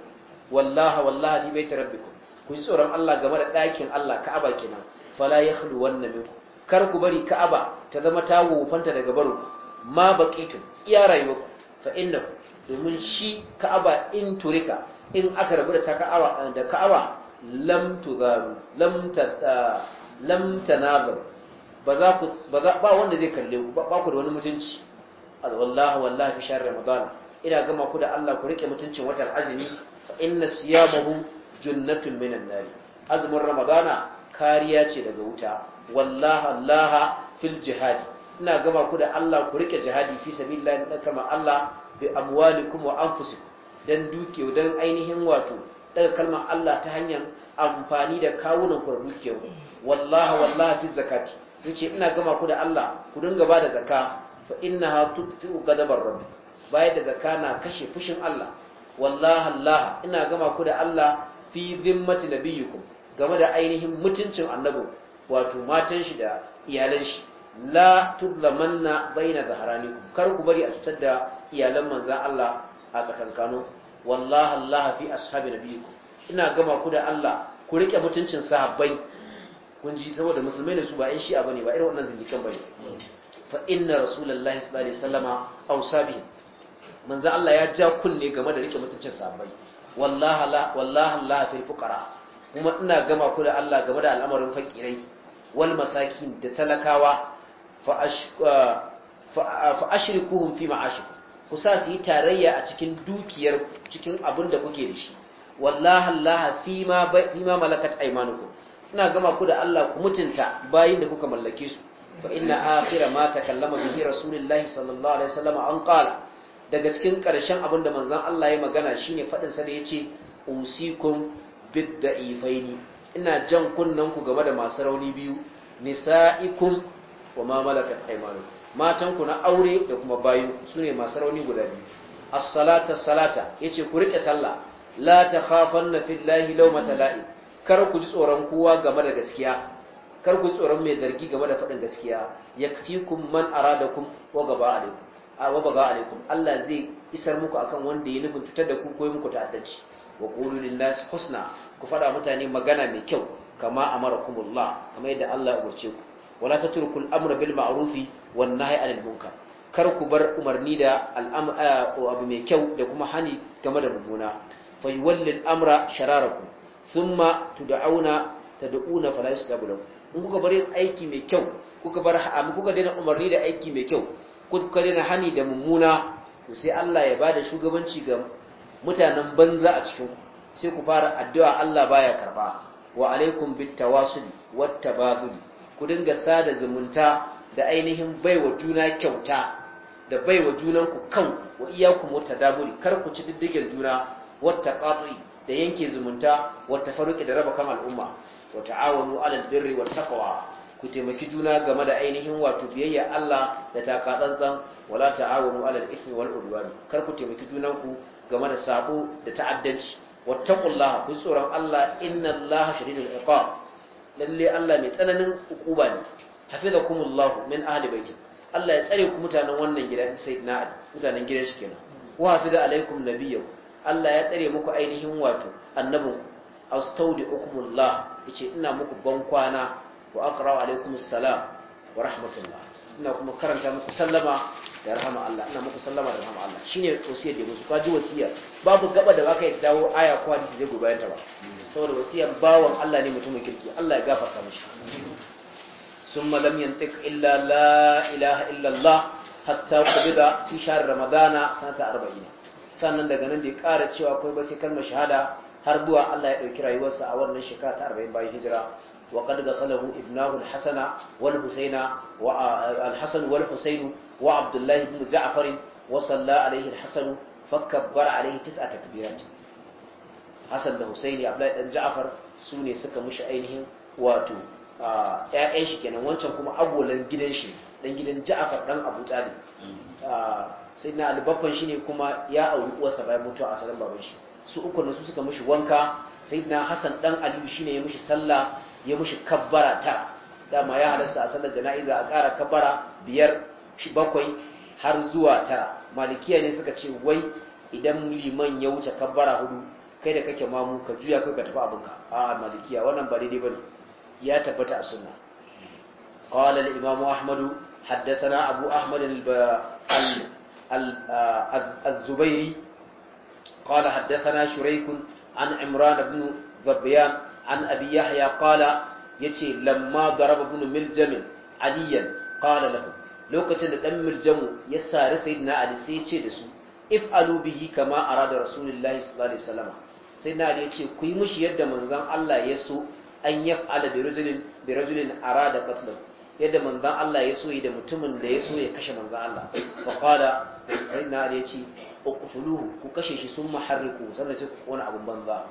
wallaha wallaha fi baiti rabbikum ku ji tsoron Allah game da ɗakin Allah Ka'aba kenan fala yakhlu wannan minkum kar ku bari Ka'aba ta zama ta wufanta daga baro ma baqitu iya rayuwarku fa innahu domin shi ka'aba in turika in aka rabu da ka'aba da ka'aba lam tuzaru lam ba za ba wanda zai kalle ku ba ku da wani mutunci wallahi wallahi fi shan ramadan ina gama ku da Allah ku rike mutuncin watan azumi fa inna siyamahu junnatun minan nar azumin ramadana kariya ce daga wuta wallahi allaha fil jihad ina gama ku da Allah ku rike jihadi fi sabilillah kama Allah bi amwalikum wa anfusikum dan dukiyo dan ainihin wato daga kalmar Allah ta hanyar amfani da kawunan ku da dukiyo wallahi wallahi fi zakati yace ina gama ku da Allah ku dinga ba da zaka! fa innaha tudfi'u ghadabar rabb bai da zaka na kashe fushin Allah wallahi Allah ina gama ku da Allah fi zimmati nabiyikum game da ainihin mutuncin annabi wato matan shi da iyalan shi la tudlamanna baina zaharanikum kar ku bari a cutar da iyalan manzan Allah a tsakankano wallahi Allah fi ashabi nabiyiku ina gama ku da Allah ku rike mutuncin sahabbai kun ji saboda musulmai da su ba 'yan shi'a bane ba irin wannan zindikan bane fa inna rasulullahi sallallahu alaihi wasallama ausabi manzo Allah ya ja kunne game da rike mutuncin sahabbai wallahi la wallahi la fi fuqara kuma ina gama ku da Allah game da al'amarin fakirai wal masakin da talakawa fa ashirikuhum fi ma'ashiku ku sa su yi tarayya a cikin dukiyar cikin abin da kuke da shi wallahi Allah fi ma fi ma malakat aymanukum ina gama ku da Allah ku mutunta bayin da kuka mallake su fa inna akhira ma takallama bihi rasulullahi sallallahu alaihi wasallam an qala daga cikin karshen abin da manzon Allah ya magana shine fadin sa da yace usikum bidda'ifaini ina jan kunnan ku game da masu rauni biyu nisa'ikum wa ma malakat aymanukum matanku na aure da kuma bayu su ne masu rauni guda biyu as-salata ya ce ku riƙe sallah la lahi fillahi lawmata la'i kar ku ji tsoron kowa game da gaskiya kar ku ji tsoron mai zargi game da faɗin gaskiya kun man kun. wa gaba alaikum a wa alaikum Allah zai isar muku akan wanda ya nufin tutar da ku ko muku ta'addanci wa qulu lin husna ku faɗa mutane magana mai kyau kama amarakumullah kama yadda Allah ya umarce ku wala tatrukul amra bil ma'rufi wan nahy anil munkar kar ku bar umarni da abu mai kyau da kuma hani game da mumuna. fa yuwalli amra shararakum thumma tud'auna tad'una fala in kuka bar aiki mai kyau kuka bar kuka daina umarni da aiki mai kyau kuka daina hani da mummuna to sai Allah ya bada shugabanci ga mutanen banza a cikin ku sai ku fara addu'a Allah baya karba wa alaikum bit tawasul wat tabadul ku dinga sada zumunta da ainihin baiwa juna kyauta da baiwa junanku kan wa mota daburi, kar ku ci diddigin juna wata wattaqati da yanke zumunta wata faruƙi da raba kan al'umma wata awonu 'alal birri wata takawa, ku taimaki juna game da ainihin wato biyayya Allah da takatsantsan wala awonu 'alal ismi wal udwani kar ku taimaki junanku game da sabo da ta'addanci wata wattaqullaha ku tsoron Allah Allah shadidul iqab lalle Allah mai tsananin hukuba ne hafizakumullahu min ahli baiti Allah ya tsare ku mutanen wannan gidan sayyidina Ali mutanen gidan shi kenan wa hafiza alaikum nabiyyu Allah ya tsare muku ainihin wato annabin astaudiukumullah yace ina muku ban kwana wa aqra alaikumus salam wa rahmatullah ina kuma karanta muku sallama da rahama Allah ina muku sallama da rahama Allah shine wasiyar da musu kaji wasiyar babu gaba da baka yi dawo aya ko hadisi da gobayen ta ba saboda wasiyar bawan Allah ne mutumin kirki Allah ya gafarta mishi ثم لم ينطق إلا لا إله إلا الله حتى قبض في شهر رمضان سنة أربعين daga nan bai ƙara cewa kai ba sai kalmar shahada har zuwa Allah ya ɗauki rayuwarsa a wannan shekara ta 40 bayan hijira wa qad gasalahu ibnahu al-hasana wal husaina wa al-hasan wal husainu wa abdullahi ibn ja'far wa salla alaihi al-hasan da abdullahi dan ja'far su ne suka mushi ainihin wato ya'yan shi kenan wancan kuma agolan gidan shi dan gidan Ja'far dan Abu Talib mm. sai na albabban shi ne kuma ya auri uwarsa bayan mutuwa a sanan baban shi su uku ne su suka mishi wanka sai na Hassan dan Ali ne ya mishi sallah ya mishi kabbara tara dama ya halasta a sallar jana'iza a ƙara kabbara biyar shi bakwai har zuwa tara malikiya ne suka ce wai idan liman ya wuce kabbara hudu kai da kake mamu ka juya kai ka tafi abinka a malikiya wannan ba daidai bane ya tabbata a sunna qala al-imam ahmad abu ahmad al-zubairi uh, qala haddathana shuraik an imran ibn zabyan an abi yahya ya yace lamma daraba ibn miljam aliyan qala lahu lokacin da ɗan miljamu ya sare sayyidina ali sai ya ce da su if Alubihi kama arada rasulullahi sallallahu alaihi wasallam sai na ya ce ku yi mushi yadda manzon Allah ya so an yaf bi rajulin bi rajulin da qatlan yadda manzan Allah ya yi da mutumin da ya so ya kashe manzan Allah sai na sayyidina ali yace uqtuluhu ku kashe shi sun maharriku sannan sai ku kona abun banza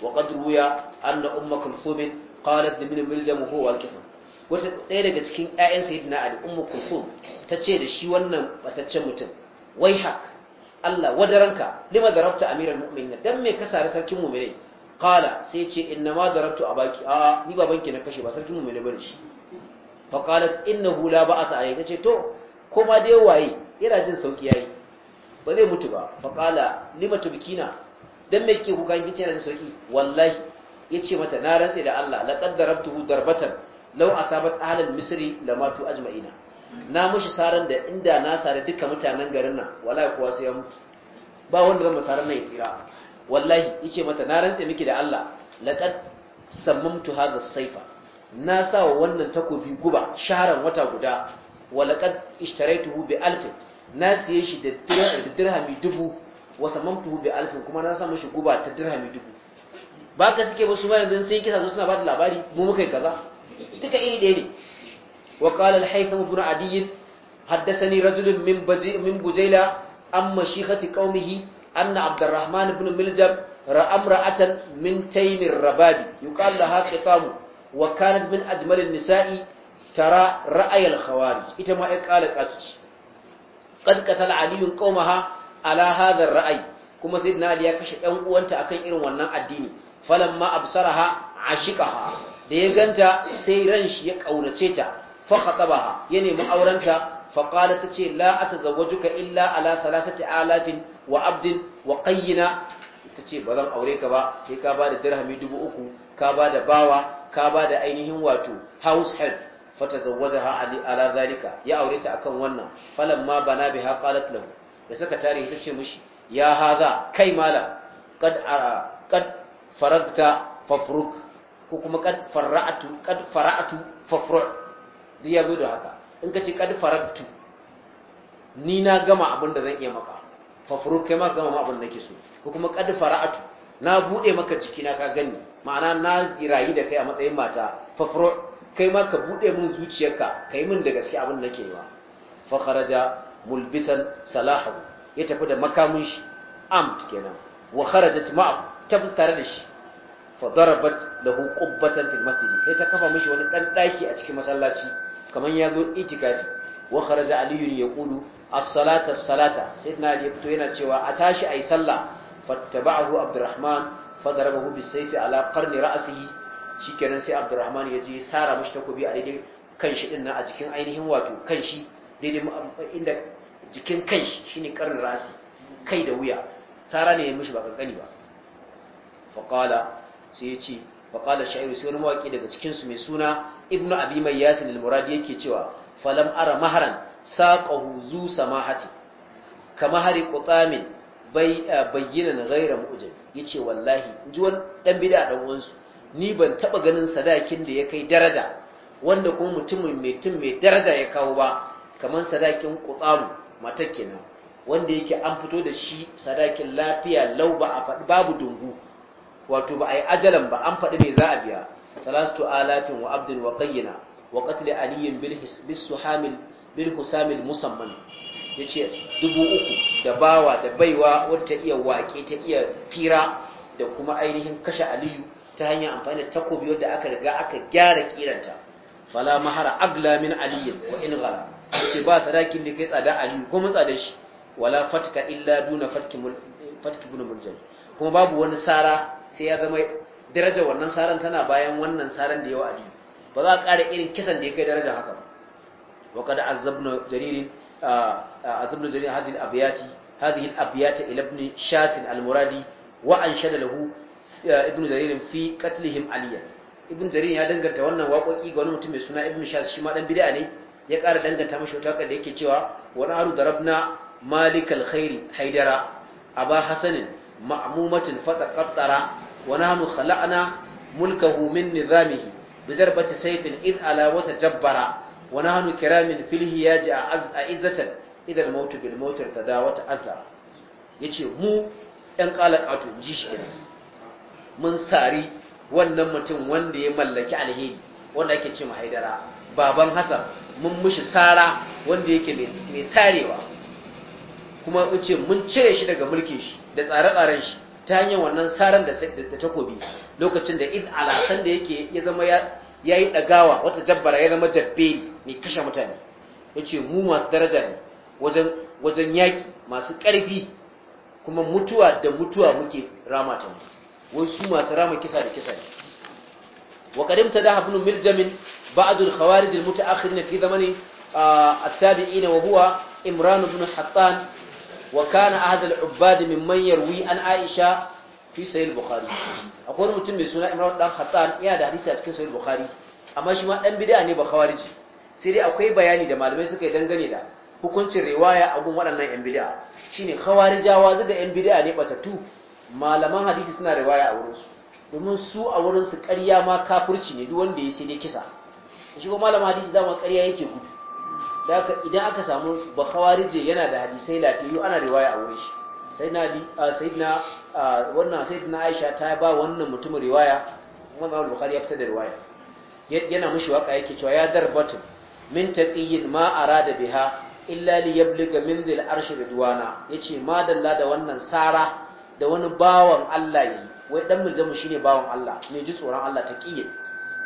wa qad ruya anna umma kulthum da min miljam huwa al-kifn wata ɗaya daga cikin ƴaƴan sayyidina ali ummu ta tace da shi wannan bataccen mutum wai hak Allah wadaranka lima darabta amiral mu'minin dan me ka sare sarkin mu'minai kala sai ce inna ma da Rabtu a baki a ni banki na kashe ba sarkin mu mai bane shi fa qalat innahu la ba'asa alayhi tace to ko da dai waye yana jin sauki yayi ba zai mutu ba fa qala lima tubkina dan me kike kuka kin yana jin sauki wallahi yace mata na rantse da Allah laqad darabtuhu darbatan law asabat ahlal misri lamatu ajma'ina na mushi saran da inda na sare duka mutanen garin nan wallahi kuwa sai ya mutu ba wanda zan masaran nan ya tsira wallahi yace mata na rantse miki da Allah laqad sammamtu hadha saifa na sa wa wannan takobi guba shaharan wata guda wa laqad ishtaraytuhu bi alf na siye shi da dirhami dubu wa sammamtuhu bi alf kuma na sa mishi guba ta dirhami dubu ba ka suke ba su ma yanzu sai kisa zo suna ba da labari mu muka yi kaza duka iri ɗaya ne wa qala al-haytham ibn adiyyin حدثني رجل من بجي من بجيلة عن مشيخة قومه anna abdurrahman Bin miljam ra'amra'atan ra'atan min taymir rababi yuqal laha qitamu wa kanat min ajmalin nisa'i tara ra'ayal khawarij ita ma ya kala kaci qad qatala aliyun qaumaha ra'ayi kuma sayyidina ali ya kashe ɗan uwanta akan irin wannan addini falamma absaraha ashiqaha da ya ganta sai ran shi ya ƙaunace ta fa khatabaha ya nemi aurenta fa qala tace la atazawwajuka illa ala thalathati alafin wa abdin wa qayyina ita ce ba zan aure ka ba sai ka ba da dirhami dubu uku ka ba da bawa ka ba da ainihin wato house fata zawaza ha ala zalika ya aure ta akan wannan falan ma bana biha qalat lahu da saka tarihi ta ce mishi ya haza kai malam kad kad faragta fafruk ko kuma kad fara'atu kad fara'atu ya zo da haka in ka ce kad faragtu ni na gama abin da zan iya maka fafurur kai ma gama ma abin da nake so ko kuma kadu fara'atu na bude maka jiki na ka gani ma'ana na zirayi da kai a matsayin mata fafurur kai ma ka bude min zuciyarka kai min da gaske abin da nake ba. fa kharaja mulbisan salahu ya tafi da makamin shi amt kenan wa kharajat ma'ahu tafi tare da shi fa darabat lahu qubbatan fil masjid sai ta kafa mishi wani dan daki a cikin masallaci Kamar ya zo itikafi wa kharaja aliyun yaqulu as-salata as-salata sayyidina ali fito yana cewa a tashi yi sallah fattaba'ahu abdurrahman fadarabahu bisayfi ala qarni ra'sihi shikenan sai abdurrahman ya je sara mishi takobi a daidai kanshi din nan a jikin ainihin wato kanshi daidai inda jikin kanshi shine qarni ra'si kai da wuya sara ne ya mishi ba kankani ba faqala sai ya ce faqala sha'iru sai wani mawaki daga cikin su mai suna ibnu abi mai yasin al-muradi yake cewa falam ara maharan ساقه zu samahati kama hari qutamin bai bayyana ghayra mu'jam yace wallahi inji wani dan bid'a dan wansu ni ban taba ganin sadakin da ya kai daraja wanda kuma mutumin mai tun mai daraja ya kawo ba kamar sadakin qutamu mata kenan wanda yake an fito da shi sadakin lafiya lau ba a faɗi babu dungu wato ba a yi ajalan ba an faɗi ne za a biya salastu alafin wa abdul wa qayyina wa qatl aliyin bil suhamil bil husamil musamman ya ce dubu uku da bawa da baiwa wata iya waƙe ta iya fira da kuma ainihin kashe aliyu ta hanyar amfani da takobi wanda aka riga aka gyara kiranta fala mahara agla min aliyin wa in gara ce ba sadakin da kai tsada aliyu ko tsada shi wala fatka illa duna fatki bin murjan kuma babu wani sara sai ya zama daraja wannan saran tana bayan wannan saran da yawa aliyu ba za a ƙara irin kisan da ya kai daraja haka ba wa qad azabna jarir azabna jarir hadhihi al-abyati hadhihi al ibn shasin al-muradi wa lahu ibn jarir aliya ya danganta wannan waƙoƙi ga wani mutum mai suna ibn shas shi ma dan bid'a ne ya ƙara danganta mashi wata da yake cewa wani haru da rabna malikal khairi haidara aba hasanin ma'mumatin fata qattara wa nahnu khala'na mulkahu min nizamihi bi darbati sayfin id ala wata jabbara. wa nahnu kiramin fil hiyaji a'izzatan idan mautu bil mautir tadawata azza yace mu ɗan kalakatu ji shi mun sari wannan mutum wanda ya mallaki alheri wanda ake ce haidara baban hasan mun mushi sara wanda yake mai sarewa kuma mun ce mun cire shi daga mulkin shi da tsare-tsaren shi ta hanyar wannan saran da takobi lokacin da iz alasan da yake ya zama ya ya yi ɗagawa wata jabbara ya zama jabbe mai kashe mutane ya ce mu masu daraja ne wajen yaƙi masu ƙarfi kuma mutuwa da mutuwa muke rama ta wai su masu rama kisa da kisa ne wa qadim ta da habnu miljamin ba'd al khawarij al na fi a at-tabi'in wa huwa imran ibn hattan wa kana ahad al min manyar wi an aisha fi bukhari akwai mutum mai suna imran dan khattan yana da hadisi a cikin bukhari amma shi ma dan bid'a ne ba khawariji sai dai akwai bayani da malamai suka yi dangane da hukuncin riwaya a gun waɗannan yan bid'a shine khawarijawa duk da yan bid'a ne batatu malaman hadisi suna riwaya a wurinsu domin su a wurinsu ƙarya ma kafirci ne duk wanda ya sai dai kisa shi ko malamin hadisi ma ƙarya yake gudu da idan aka samu bakhawarije yana da hadisai lafiyu ana riwaya a wurin shi sayyidina ah, ah, wannan Aisha ta ba wannan mutumin riwaya Imam Bukhari ya fita da riwaya yana mushi waka yake cewa ya darbatu min taqiyin ma arada biha illa li yabliga min dil arsh ridwana yace ma dalla da wannan sara da wani bawan Allah yi wai dan mulzamu shine bawan Allah ne ji tsoron Allah taqiyin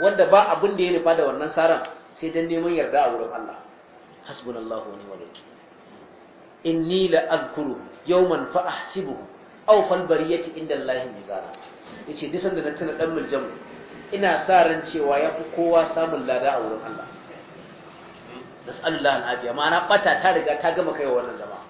wanda ba abin da ya nufa da wannan saran sai dan neman yarda a wurin Allah hasbunallahu wa ni'mal inni la azkuru yawman fa ahsibuhu aw fal bariyati inda Allah mizana yace duk sanda na tuna dan ina sa ran cewa yafi kowa samun lada a wurin Allah nas'alullahi al'afiya ma'ana bata ta riga ta gama kai wannan jama'a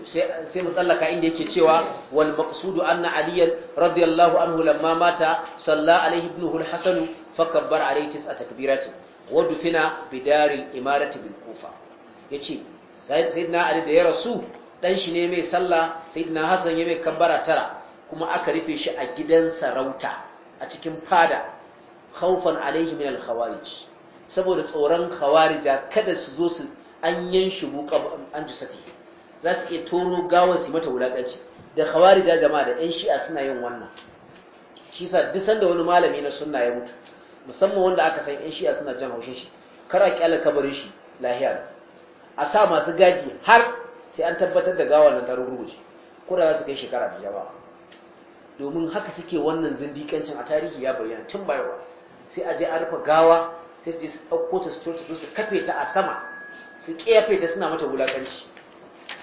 to sai sai mu tsallaka inda yake cewa wal maqsudu anna aliyan radiyallahu anhu lamma mata salla alaihi ibnuhu al-hasan fakabbar alaihi tis'a takbiratin wa dufina bidaril imarati bil kufa yace sayyidina ali da ya rasu dan shi ne mai sallah sayyidina hasan ya mai kabbara tara kuma aka rufe shi a gidan sarauta a cikin fada khawfan alayhi min al khawarij saboda tsoron khawarija kada su zo su an yanshubu an sati za su iya tono gawar su mata wulakanci da khawarija jama'a da yan shi'a suna yin wannan shi sa duk sanda wani malami na sunna ya mutu musamman wanda aka san yan shi'a suna jan haushin shi kar a kyala kabarin shi lahiya a sa masu gadi har sai an tabbatar da gawa na ta rugurguje ko za su kai shekara da jama'a domin haka suke wannan zindikancin a tarihi ya bayyana tun bayawa sai a je a rufe gawa sai su je su ɗauko ta su su kafe ta a sama su ƙefe ta suna mata wulakanci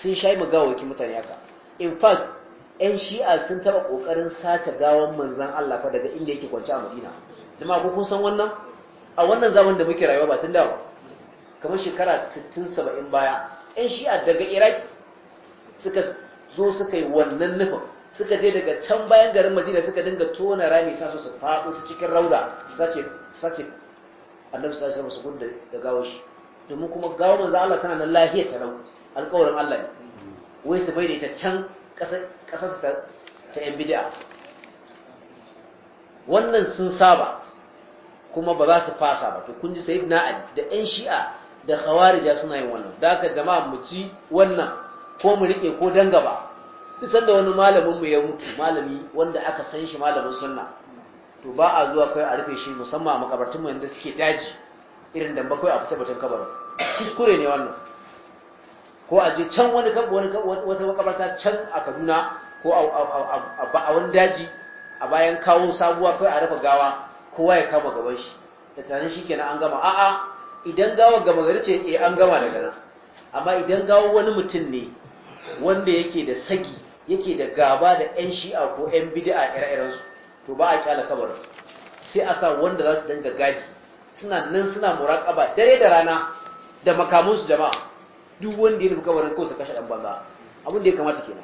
sun shayi mu gawaki mutane haka in fact yan shi'a sun taɓa ƙoƙarin sace gawan manzan Allah fa daga inda yake kwance a Madina jama'a ko kun san wannan a wannan zaman da muke rayuwa ba tun da kamar shekara 60-70 baya yan shi'a daga iraki suka zo suka yi wannan nufin suka je daga can bayan garin madina suka dinga tona rami sa su faɗo ta cikin rauda su sace annabi sa su gudu da gawo shi domin kuma gawo manzo Allah tana nan lahiyar ta rau alƙawarin Allah ne wai su bai da ita can ƙasar ta yan bid'a wannan sun saba kuma ba za su fasa ba to kun ji sayyidina da yan shi'a da khawarija suna yin wannan da haka jama'a mu ci wannan ko mu rike ko dan gaba duk da wani malamin mu ya mutu malami wanda aka san shi malamin sunna to ba a zuwa kai a rufe shi musamman a makabartun mu yanda suke daji irin da bakwai a fita batun kabarin kuskure ne wannan ko a je can wani wata makabarta can a Kaduna ko a wani daji a bayan kawo sabuwa kai a rufe gawa kowa ya kama gaban shi da tunanin shi kenan an gama a'a idan gawar gama gari ce e an gama daga nan amma idan gawa wani mutum ne wanda yake da sagi yake da gaba da 'yan shi'a ko 'yan bid'a ire-irensu to ba a kyala kabarin sai a sa wanda za su danga gadi suna nan suna ba dare da rana da makamansu jama'a duk wanda ya nufi kabarin kawai su kashe ɗan banza abin da ya kamata kenan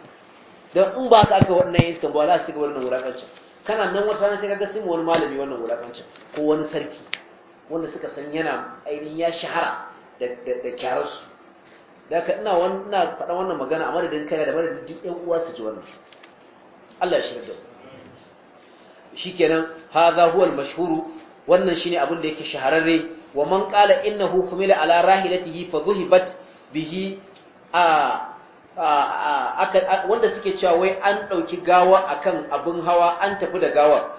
don in ba ka aka wannan yin iskan ba za su cika wannan wulaƙancin kana nan wata rana sai ka ga sun wani malami wannan wulaƙancin ko wani sarki wanda suka san yana ainihin ya shahara da kyararsu da ka ina faɗa wannan magana a madadin kare da madadin duk yan uwa su ji wannan Allah ya shirya da shikenan hadha huwa mashuru. wannan ne abin da yake shahararre wa man qala innahu humila ala rahilatihi fa bat bihi a wanda suke cewa wai an ɗauki gawa akan abin hawa an tafi da gawa.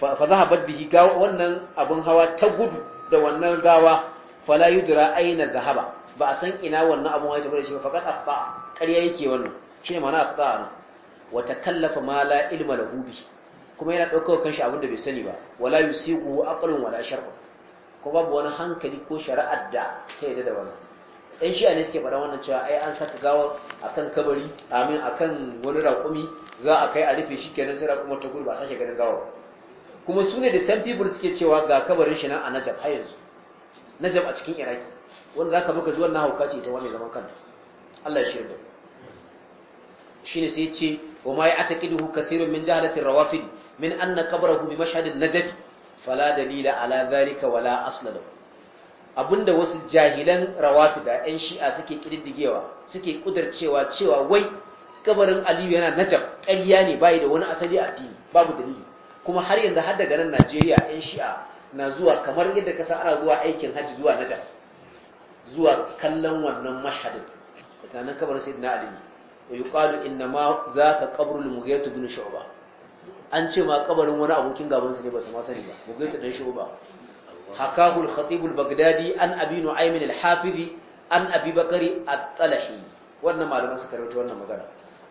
fa zahabat bihi gawa wannan abun hawa ta gudu da wannan gawa fala yudra aina zahaba ba a san ina wannan abun hawa ta gudu shi ba a akhta ƙarya yake wannan shine ma'ana akhta ana wa takallafa ma la ilma lahu bi kuma yana daukar kan abin da bai sani ba wala yusiqu aqlun wala shar'u ko babu wani hankali ko shari'ar da ta yadda da wannan ɗan shi ne suke faɗa wannan cewa ai an saka gawa akan kabari amin akan wani raƙumi za a kai a rufe shi kenan sai raƙumar ta gudu ba a sashe ganin gawa kuma su ne da san people suke cewa ga kabarin shi nan a Najaf. har yanzu Najaf a cikin iraki wanda za ka baka ji wannan hauka ce ta wani zaman kanta allah ya shirya shi ne sai ce wa mai ataqiduhu kathirun min jahalatin rawafid min anna qabrahu bi mashhadin najaf fala dalila ala dhalika wala asla lahu da wasu jahilan rawafida yan shi'a suke kididdigewa suke kudarcewa cewa wai kabarin aliyu yana najab ƙarya ne bai da wani asali addini babu dalili kuma har yanzu har daga nan Najeriya ɗan shi'a na zuwa kamar yadda kasa ana zuwa aikin hajji zuwa Najar zuwa kallon wannan mashhadin da tanan kabarin na Ali wa yuqalu inna ma zaka qabrul Mughith ibn Shu'ba an ce ma kabarin wani abokin gaban sa ne ba su ma sani ba Mughith dan Shu'ba hakahu al-Khatib al-Baghdadi an Abi Nu'aym al an Abi Bakari at-Talahi wannan malaman suka rawaito wannan magana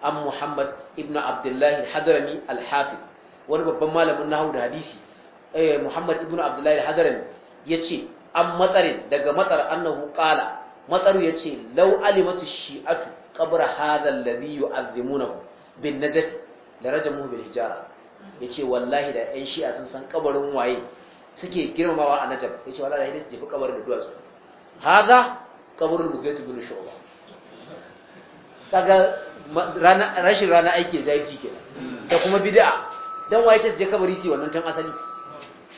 an Muhammad ibn Abdullah al-Hadrami al-Hafiz wani babban malamin nahu da hadisi eh, muhammad Ibnu abdullahi hadarami ya ce an matsarin daga matsar annahu kala matsaru ya ce lau alimatu shi'atu kabra hadhal ladhi yu'azzimunahu bin najaf la rajamuhu bil hijara yace wallahi da yan shi'a sun san kabarin waye suke girmamawa a najaf yace wallahi da jefi kabarin da duwatsu hadha kabarin lugaitu bin shu'ba kaga rashin rana aiki jahilci kenan da kuma bid'a dan waye ta je kabari si wannan tan asali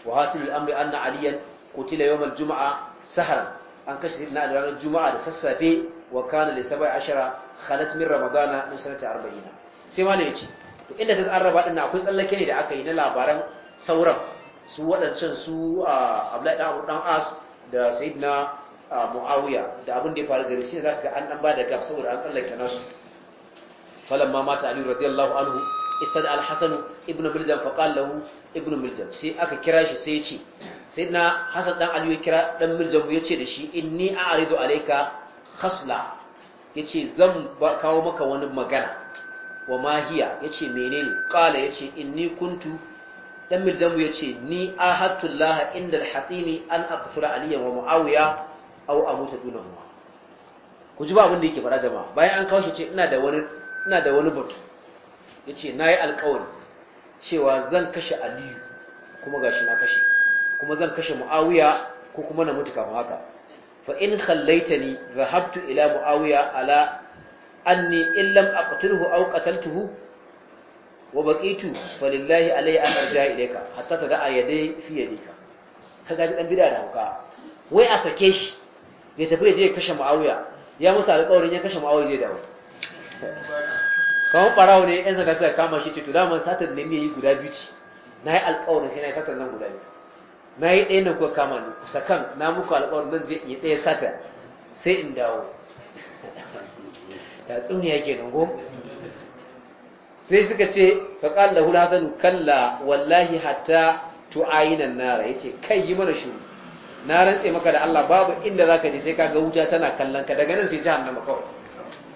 wa hasilul amri anna aliyan kutila yawmal juma'a sahara an kashe na ranar juma'a da sassafe wa kana li 17 khalat min ramadana min sanati 40 sai ma ne ce to inda ta tsarraba din akwai tsallake ne da aka yi na labaran sauran su wadancan su Abdullahi dan Abdul As da Sayyidina Muawiya da abin da ya faru da shi zaka an dan bada da saboda an tsallake nasu falamma mata Ali radiyallahu anhu istada al-Hasan ibnu miljam fa lahu ibnu miljam sai aka kira shi sai ya ce na hasan dan aliyu kira dan miljam ya ce da shi inni a'ridu alayka khasla ce zan kawo maka wani magana wa mahiya ƙala menene qala in inni kuntu dan miljam yace ni ahadtu laha inda al-hatimi an aqtula aliyan wa muawiya aw amuta dunahuma ku ji ba abin da yake fara jama'a bayan an kawo shi ce ina da wani ina da wani batu yace nayi alƙawari cewa zan kashe aliyu kuma gashi na kashe kuma zan kashe muawiya ko kuma na mutu kafin haka fa in khallaitani zahabtu ila muawiya ala anni in lam aqtulhu aw qataltuhu wa baqitu falillahi alayya an arja ilayka hatta tada yadai fi yadika kaga ji dan bid'a da hauka wai a sake shi ya tafi ya je kashe muawiya ya musa alƙawarin ya kashe muawiya zai dawo kawon ɓarawo ne yan sanda suka kama shi ce to damar satar ne ne yi guda biyu ce na yi alƙawarin sai na yi satar nan guda biyu na yi ɗaya na kuka kama ne kusa kan na muku alƙawarin nan zai iya ɗaya satar sai in dawo *laughs* ta tsuniya ke nan go sai suka ce ka qala hula sanu kalla wallahi hatta tu'ayina nara ya ce kai yi mana shuru na rantse maka da Allah babu inda ka je sai kaga wuta tana kallon ka daga nan sai jahannama kawai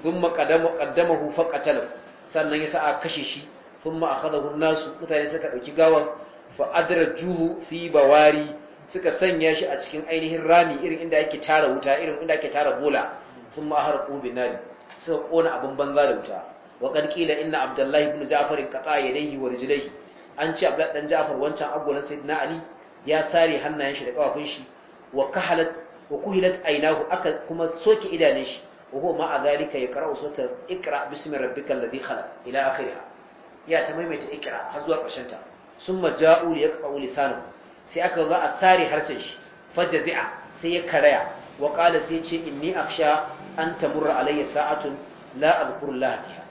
thumma qadama qaddamahu faqatalahu sannan ya sa'a kashe shi thumma akhadahu nasu mutane suka ɗauki gawan fa'adar juhu fi bawari suka sanya shi a cikin ainihin rami irin inda ake tara wuta irin inda ake tara bola thumma na ne. suka ƙona abin banza da wuta wa ƙila ina inna abdullahi ibn ja'far ya yadayhi wa rijlaihi an ce abdullahi dan ja'far wancan agwalan na ali ya sare hannayen shi da ƙafafun shi wa wa kuhilat ainahu aka kuma soke idanun shi وهو مع ذلك يقرأ سورة اقرأ باسم ربك الذي خلق إلى آخرها يا تميمة اقرأ هزوار قشنتا ثم جاءوا ليقطعوا لسانه سيأكل الله أساري هرتش فجزع سيكريا وقال سيتي إني أخشى أن تمر علي ساعة لا أذكر الله فيها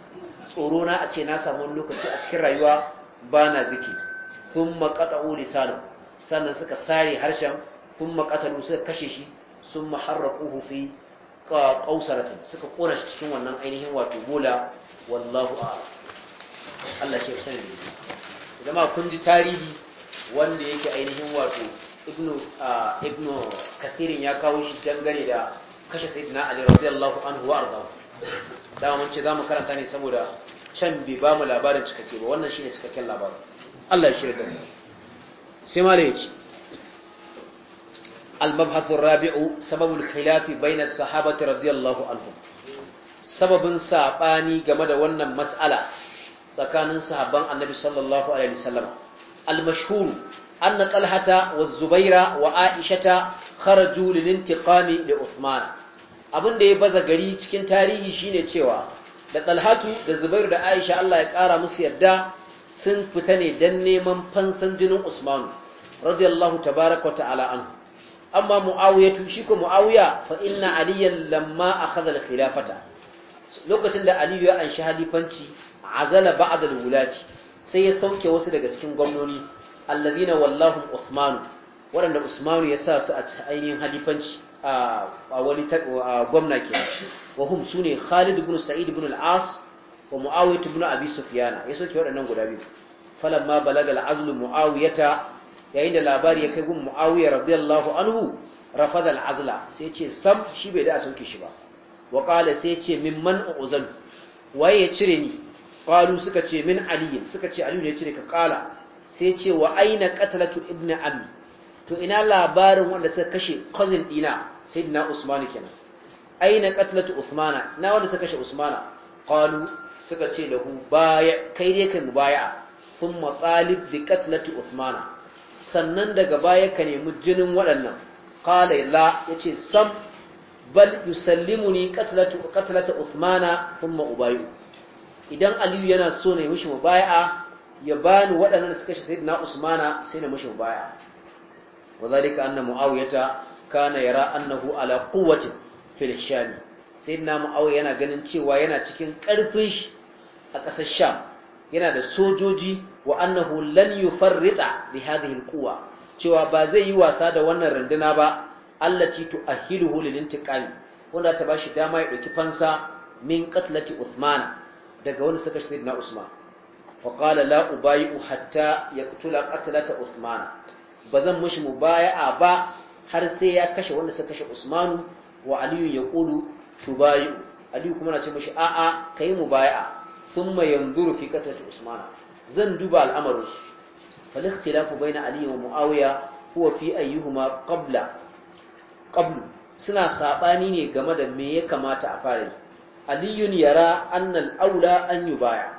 tsorona a ce na samu wani lokaci a cikin rayuwa ba na ziki sun makata'u lisanu sannan suka sare harshen sun makatalu suka kashe shi sun maharraku hufi qausaratin suka kona shi cikin wannan ainihin wato bola wallahu a'lam Allah ke sani idan ma kun ji tarihi wanda yake ainihin wato ibnu ibnu ya kawo shi dangane da kashe sayyidina ali radiyallahu anhu wa ardahu dama mun ce zamu karanta ne saboda can bi ba mu labarin cikakke ba wannan shine cikakken labarin Allah ya shirya da sai malai ya ce al-mabhath ar-rabi' sabab al-khilaf bayna as-sahabati radiyallahu anhum sababin sabani game da wannan mas'ala tsakanin sahaban annabi sallallahu alaihi wasallam al-mashhur anna talhata waz-zubaira wa aishata kharaju lil-intiqami li uthman da ya baza gari cikin tarihi shine cewa da da zubairu da aisha Allah ya ƙara musu yadda sun fita ne dan neman fansan jinin usman radiyallahu tabaaraka ta'ala anhu amma mu'awiyatu shi ko mu'awiya fa inna aliyan lamma a al-khilafata lokacin da aliyu ya anshi halifanci azala ba'd al-wulati sai ya sauke wasu daga cikin gwamnoni alladhina wallahu Usmanu, waɗanda usmanu ya sa su a ainihin halifanci a wani gwamna ke wa hum sune khalid ibn sa'id ibn al-as wa mu'awiyah ibn abi sufyana ya sauke waɗannan guda biyu falamma balagal azlu mu'awiyata yayin da labari ya kai gun muawiya radiyallahu anhu rafadal azla sai ce sam shi bai da sauke shi ba wa qala sai ce min man uzan waye ya cire ni qalu suka ce min ali suka ce ali ne cire ka qala sai ce wa aina qatalatu ibnu ammi to ina labarin wanda suka kashe cousin dina sayyidina usman kenan aina qatlatu usmana na wanda suka kashe usmana qalu suka ce lahu baya kai dai kai baya. thumma talib bi qatlati usmana sannan daga baya ka nemi jinin waɗannan ƙala la ce sam bal yusallimu ni qatlatu uthmana sun ma'ubayu idan aliyu yana so yi mishi mubaya'a ya bani waɗannan suka shi sayyidina usmana sai na mishi mubaya'a wazalika anna muawiyata kana yara annahu ala quwwatin fil sai na muawiya yana ganin cewa yana cikin ƙarfin shi a ƙasar sham yana da sojoji wa annahu lan yufarrita bi hadhihi alquwa cewa ba zai yi wasa da wannan runduna ba allati tu'ahhiluhu lil intiqam wanda ta bashi dama ya dauki fansa min qatlati usman daga wani saka sayyidina Usman fa qala la ubayu hatta yaqtula qatlata Uthman bazan mushi mubaya'a ba har sai ya kashe wanda suka shi Usman wa Aliyu yaqulu tubayu Aliyu kuma na ce mushi a'a kai mubaya'a thumma yanzuru fi qatlati usman. zan duba al'amarsu. su fal ikhtilafu baina ali wa muawiya huwa fi ayyuhuma qabla qablu suna saɓani ne game da me ya kamata a fara yi aliyun yara annal aula an yubaya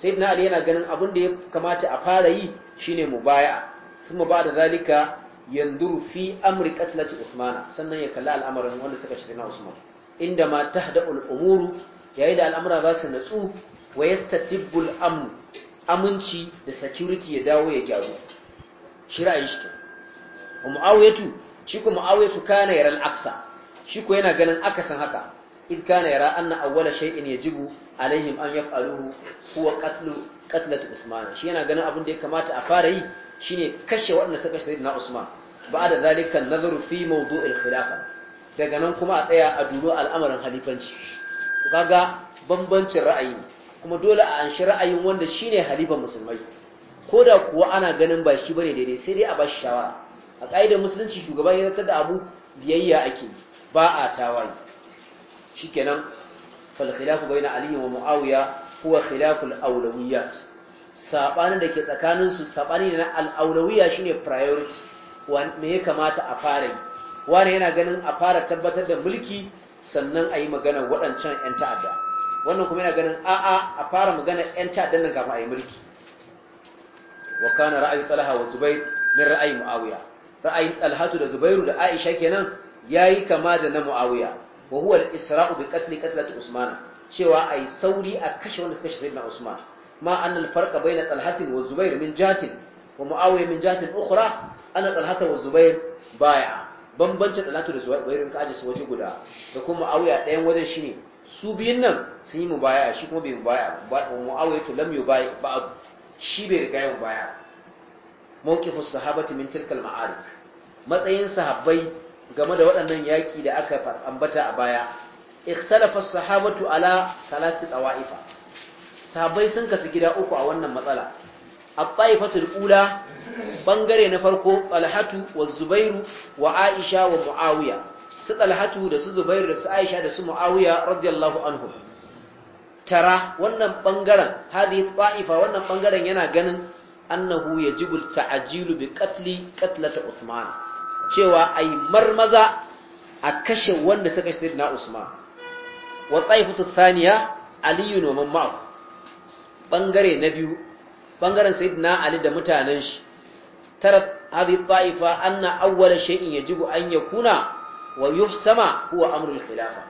sayyidina ali yana ganin abin da ya kamata a fara yi shine mubaya kuma ba da zalika yanzu fi amri qatlati usmana sannan ya kalla al'amarin wanda suka ci na usman inda ma tahda'ul umuru yayin da al'amura za su natsu wa tibbul aminci da security ya dawo ya gyaru shi ra'ayin shi mu'awiyatu shi ko mu'awiyatu kana yaral aksa shi ko yana ganin akasan haka id kana yara anna awwala shay'in yajibu alaihim an yaf'aluhu huwa qatlu qatlat usman shi yana ganin abin da ya kamata a fara yi shine kashe waɗanda suka kashe da usman ba'da zalika nazaru fi mawdu'il khilafa daga nan kuma a tsaya a dubo al'amarin halifanci kaga bambancin ra'ayi kuma dole a anshi ra'ayin wanda shine halifan musulmai ko da kuwa ana ganin ba shi bane daidai sai dai a shi shawara a ƙa'idar musulunci shugaban ya zartar da abu biyayya ake ba a tawaye kenan falkhilafu bai na aliyu wa muawiya kuwa khilafu awlawiyat Saɓani da ke tsakaninsu, saɓani sabani na al shi shine priority me ya kamata a fara yi wani yana ganin a fara tabbatar da mulki sannan a yi magana waɗancan 'yan ta'adda wannan kuma yana ganin a'a a fara magana yan caɗin nan kafin a yi mulki wa kana ra'ayi talha wa zubair min ra'ayi muawiya ra'ayin talhatu da zubairu da aisha kenan yayi kama da na muawiya wa huwa al-isra'u bi qatl qatlatu usman cewa ai sauri a kashe wanda suka kashe na usman ma anna al-farqa bayna talhatin wa zubair min jatin wa muawiya min jatin ukhra ana talhata wa zubair baya bambancin talhatu da zubair in ka aje su waje guda da kuma muawiya ɗayan wajen shine su biyun nan sun yi mubaya shi kuma bai mubaya ba mu'awiyatu lam ba a shi bai riga yi mubaya mawqifus sahabatu min tilkal ma'arif matsayin sahabbai game da waɗannan yaƙi da aka ambata a baya ikhtalafa sahabatu ala talasti tsawa'ifa sahabbai sun kasu gida uku a wannan matsala abaifatul ula bangare na farko alhatu wa zubairu wa aisha wa mu'awiyar su talhatu da su Zubairu da su aisha da su muawiya radiyallahu anhu tara wannan bangaren hadi ta'ifa wannan bangaren yana ganin annahu yajibu ta'jilu bi qatli qatlata usman cewa yi marmaza a kashe wanda suka shi na usman wa ta'ifatu thaniya ali wa man ma'ahu bangare na biyu bangaren sayyidina ali da mutanen shi tara hadi ta'ifa anna awwala shay'in yajibu an yakuna wal yuhsama huwa amrul khilafa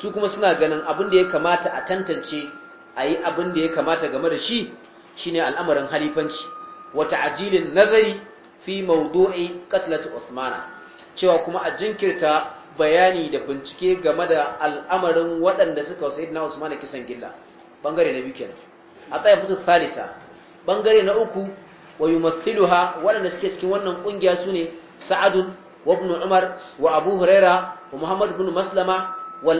su kuma suna ganin abin da ya kamata a tantance ayi abin da ya kamata game da shi shine al'amarin halifanci wa ta'jilin nazari fi mawdu'i qatlat usmana cewa kuma a jinkirta bayani da bincike game da al'amarin waɗanda suka wasu idina usman kisan gilla bangare na biyu kenan a tsaya fitu salisa bangare na uku wa yumathiluha waɗanda suke cikin wannan ƙungiya su ne sa'adun وابن عمر وأبو هريرة ومحمد بن Usama wa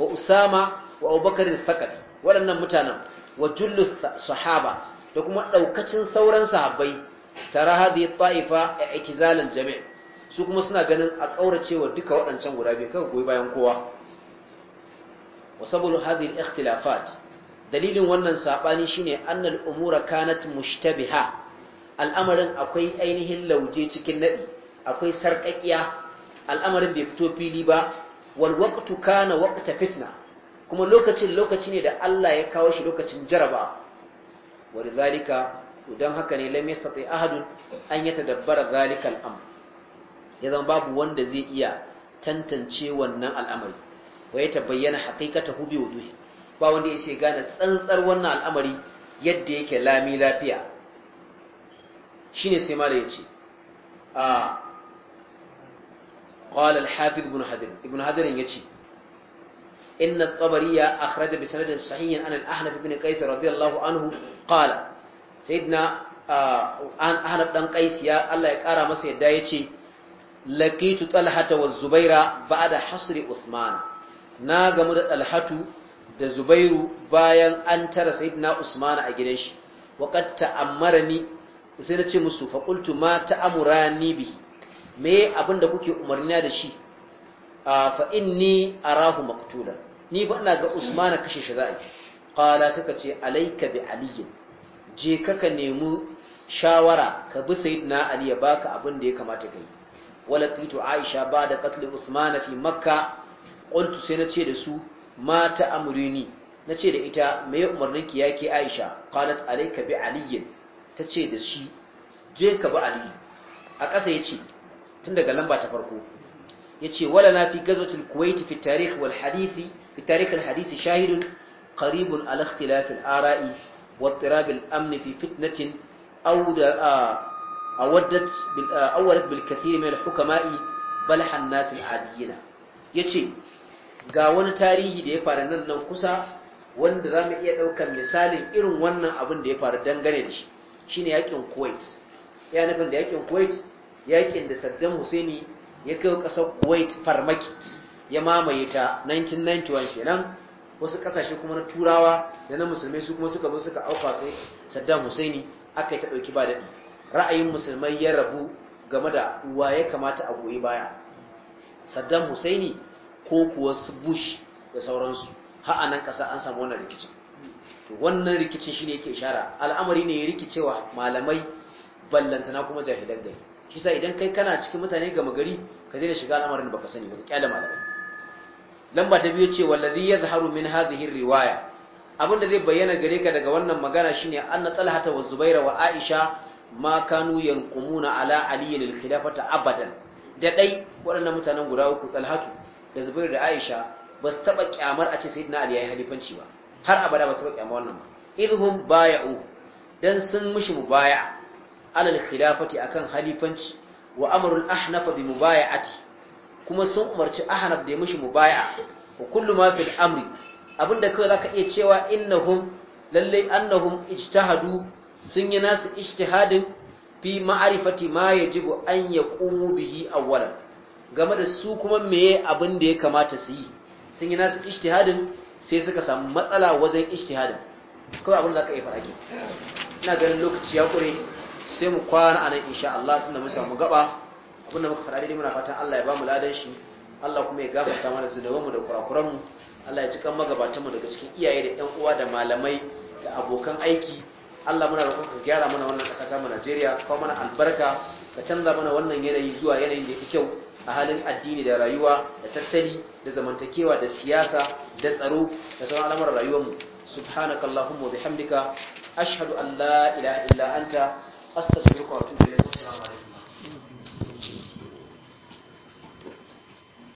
وأسامة وأبو بكر الثقفي wa متانا وجل الصحابة kuma ɗaukacin sauran ثورا صحابي ترى هذه الطائفة اعتزال الجميع su kuma suna ganin a ƙaurace duka waɗancan guda biyu kawai goyi bayan kowa wa sabulu hadhihi al-ikhtilafat dalilin wannan sabani shine annal umura kanat mushtabiha al'amarin akwai ainihin lauje cikin nadi akwai sarƙaƙiya al'amarin bai fito fili ba wal waqtu kana waqta fitna kuma lokacin lokaci ne da Allah ya kawo shi lokacin jaraba wal zalika dan haka ne lam yastati ahadun an yatadabbara zalika al'am ya zama babu wanda zai iya tantance wannan al'amari wa ya tabayyana haqiqatahu bi wuduhi ba wanda ya ce gane tsantsar wannan al'amari yadda yake lami lafiya shine sai ya yace a ah, qala al-hafiz ibn hajar ibn hajar yace inna at-tabariya akhraja bi sanadin sahihin an al-ahnaf ibn qais radiyallahu anhu qala sayyidina an ahnaf dan qais ya Allah ya kara masa yadda yace lakitu talhata wa zubaira da hasri Usman na gamu da talhatu da zubairu bayan an tara sayyidina usman a gidan shi wa qad ta'ammarani sai na ce musu fa qultu ma ta'amurani bihi me abin da kuke umarni da shi fa inni arahu maqtula ni fa ina ga usman kashe shi za'a qala suka ce alayka bi ali je ka ka nemi shawara ka bi sayyidina ali ya baka abin da ya kamata kai wala qitu aisha bada da qatl usman fi makka qultu sai nace da su mata amrini nace da ita me umarninki yake aisha qalat alayka bi ali tace da shi je ka bi ali a ƙasa yace tun daga lamba ta farko yace wala na fi gazwatul kuwait fi tarikh wal fi al shahidun qaribun ala ikhtilaf al ara'i wa ittirab al amn fi fitnatin aw awaddat bil awadat bil kathir min al hukama'i balha an nas al adiyina yace ga wani tarihi da ya faru nan nan kusa wanda zamu iya daukar misalin irin wannan abin da ya faru dangane da shi shine yakin kuwait ya nufin da yakin kuwait yakin da Saddam Husaini ya kai kasar Kuwait farmaki ya mamaye ta 1991 kenan wasu kasashe kuma na turawa da na musulmai su kuma suka zo suka auka sai Saddam Hussein aka yi ta ɗauki ba daɗi ra'ayin musulmai ya rabu game da uwa ya kamata a goyi baya Saddam Husaini ko kuwa su Bush da sauransu ha'a nan ƙasa an samu wannan rikicin wannan rikicin shi ne yake shara, al'amari ne ya rikicewa malamai ballantana kuma jahilan gari kisa idan kai kana cikin mutane gama gari ka daina shiga al'amarin baka sani ba kyale malamai lamba ta biyu ce wallazi yazharu min hadhihi riwaya abin da zai bayyana gare ka daga wannan magana shine anna talhata wa zubaira wa aisha ma kanu yanqumuna ala ali lil khilafata abadan da dai waɗannan mutanen guda uku talhatu da zubair da aisha ba su taɓa kyamar a ce sayyidina ali yayi halifanci ba har abada ba su taɓa kyamar wannan ba idhum bay'u dan sun mushi mubaya alal khilafati akan halifanci wa amrul ahnaf bi mubaya'ati kuma sun umarci ahnaf da ya mishi mubaya'a wa kullu ma fil amri abinda kawai zaka iya cewa innahum lalle annahum ijtahadu sun yi nasu ijtihadin fi ma'arifati ma yajibu an yaqumu bihi awwalan game da su kuma meye abinda ya kamata su yi sun yi nasu ijtihadin sai suka samu matsala wajen ijtihadin kawai abin da zaka iya faɗa ina ganin lokaci ya ƙure sai mu kwana a nan insha Allah tunda mun samu gaba abinda muka faɗa dai muna fatan Allah ya ba mu ladan shi Allah kuma ya gafarta mana zunuban mu da kurakuran mu Allah ya cikan magabatan mu daga cikin iyaye da ƴan uwa da malamai da abokan aiki Allah muna roƙon ka gyara mana wannan ƙasa ta mu Najeriya ka mana albarka ka canza mana wannan yanayi zuwa yanayin da yake kyau a halin addini da rayuwa da tattali da zamantakewa da siyasa da tsaro da sauran al'amuran mu subhanakallahumma wa bihamdika ashhadu an la ilaha illa anta Astagfirullahaladzim.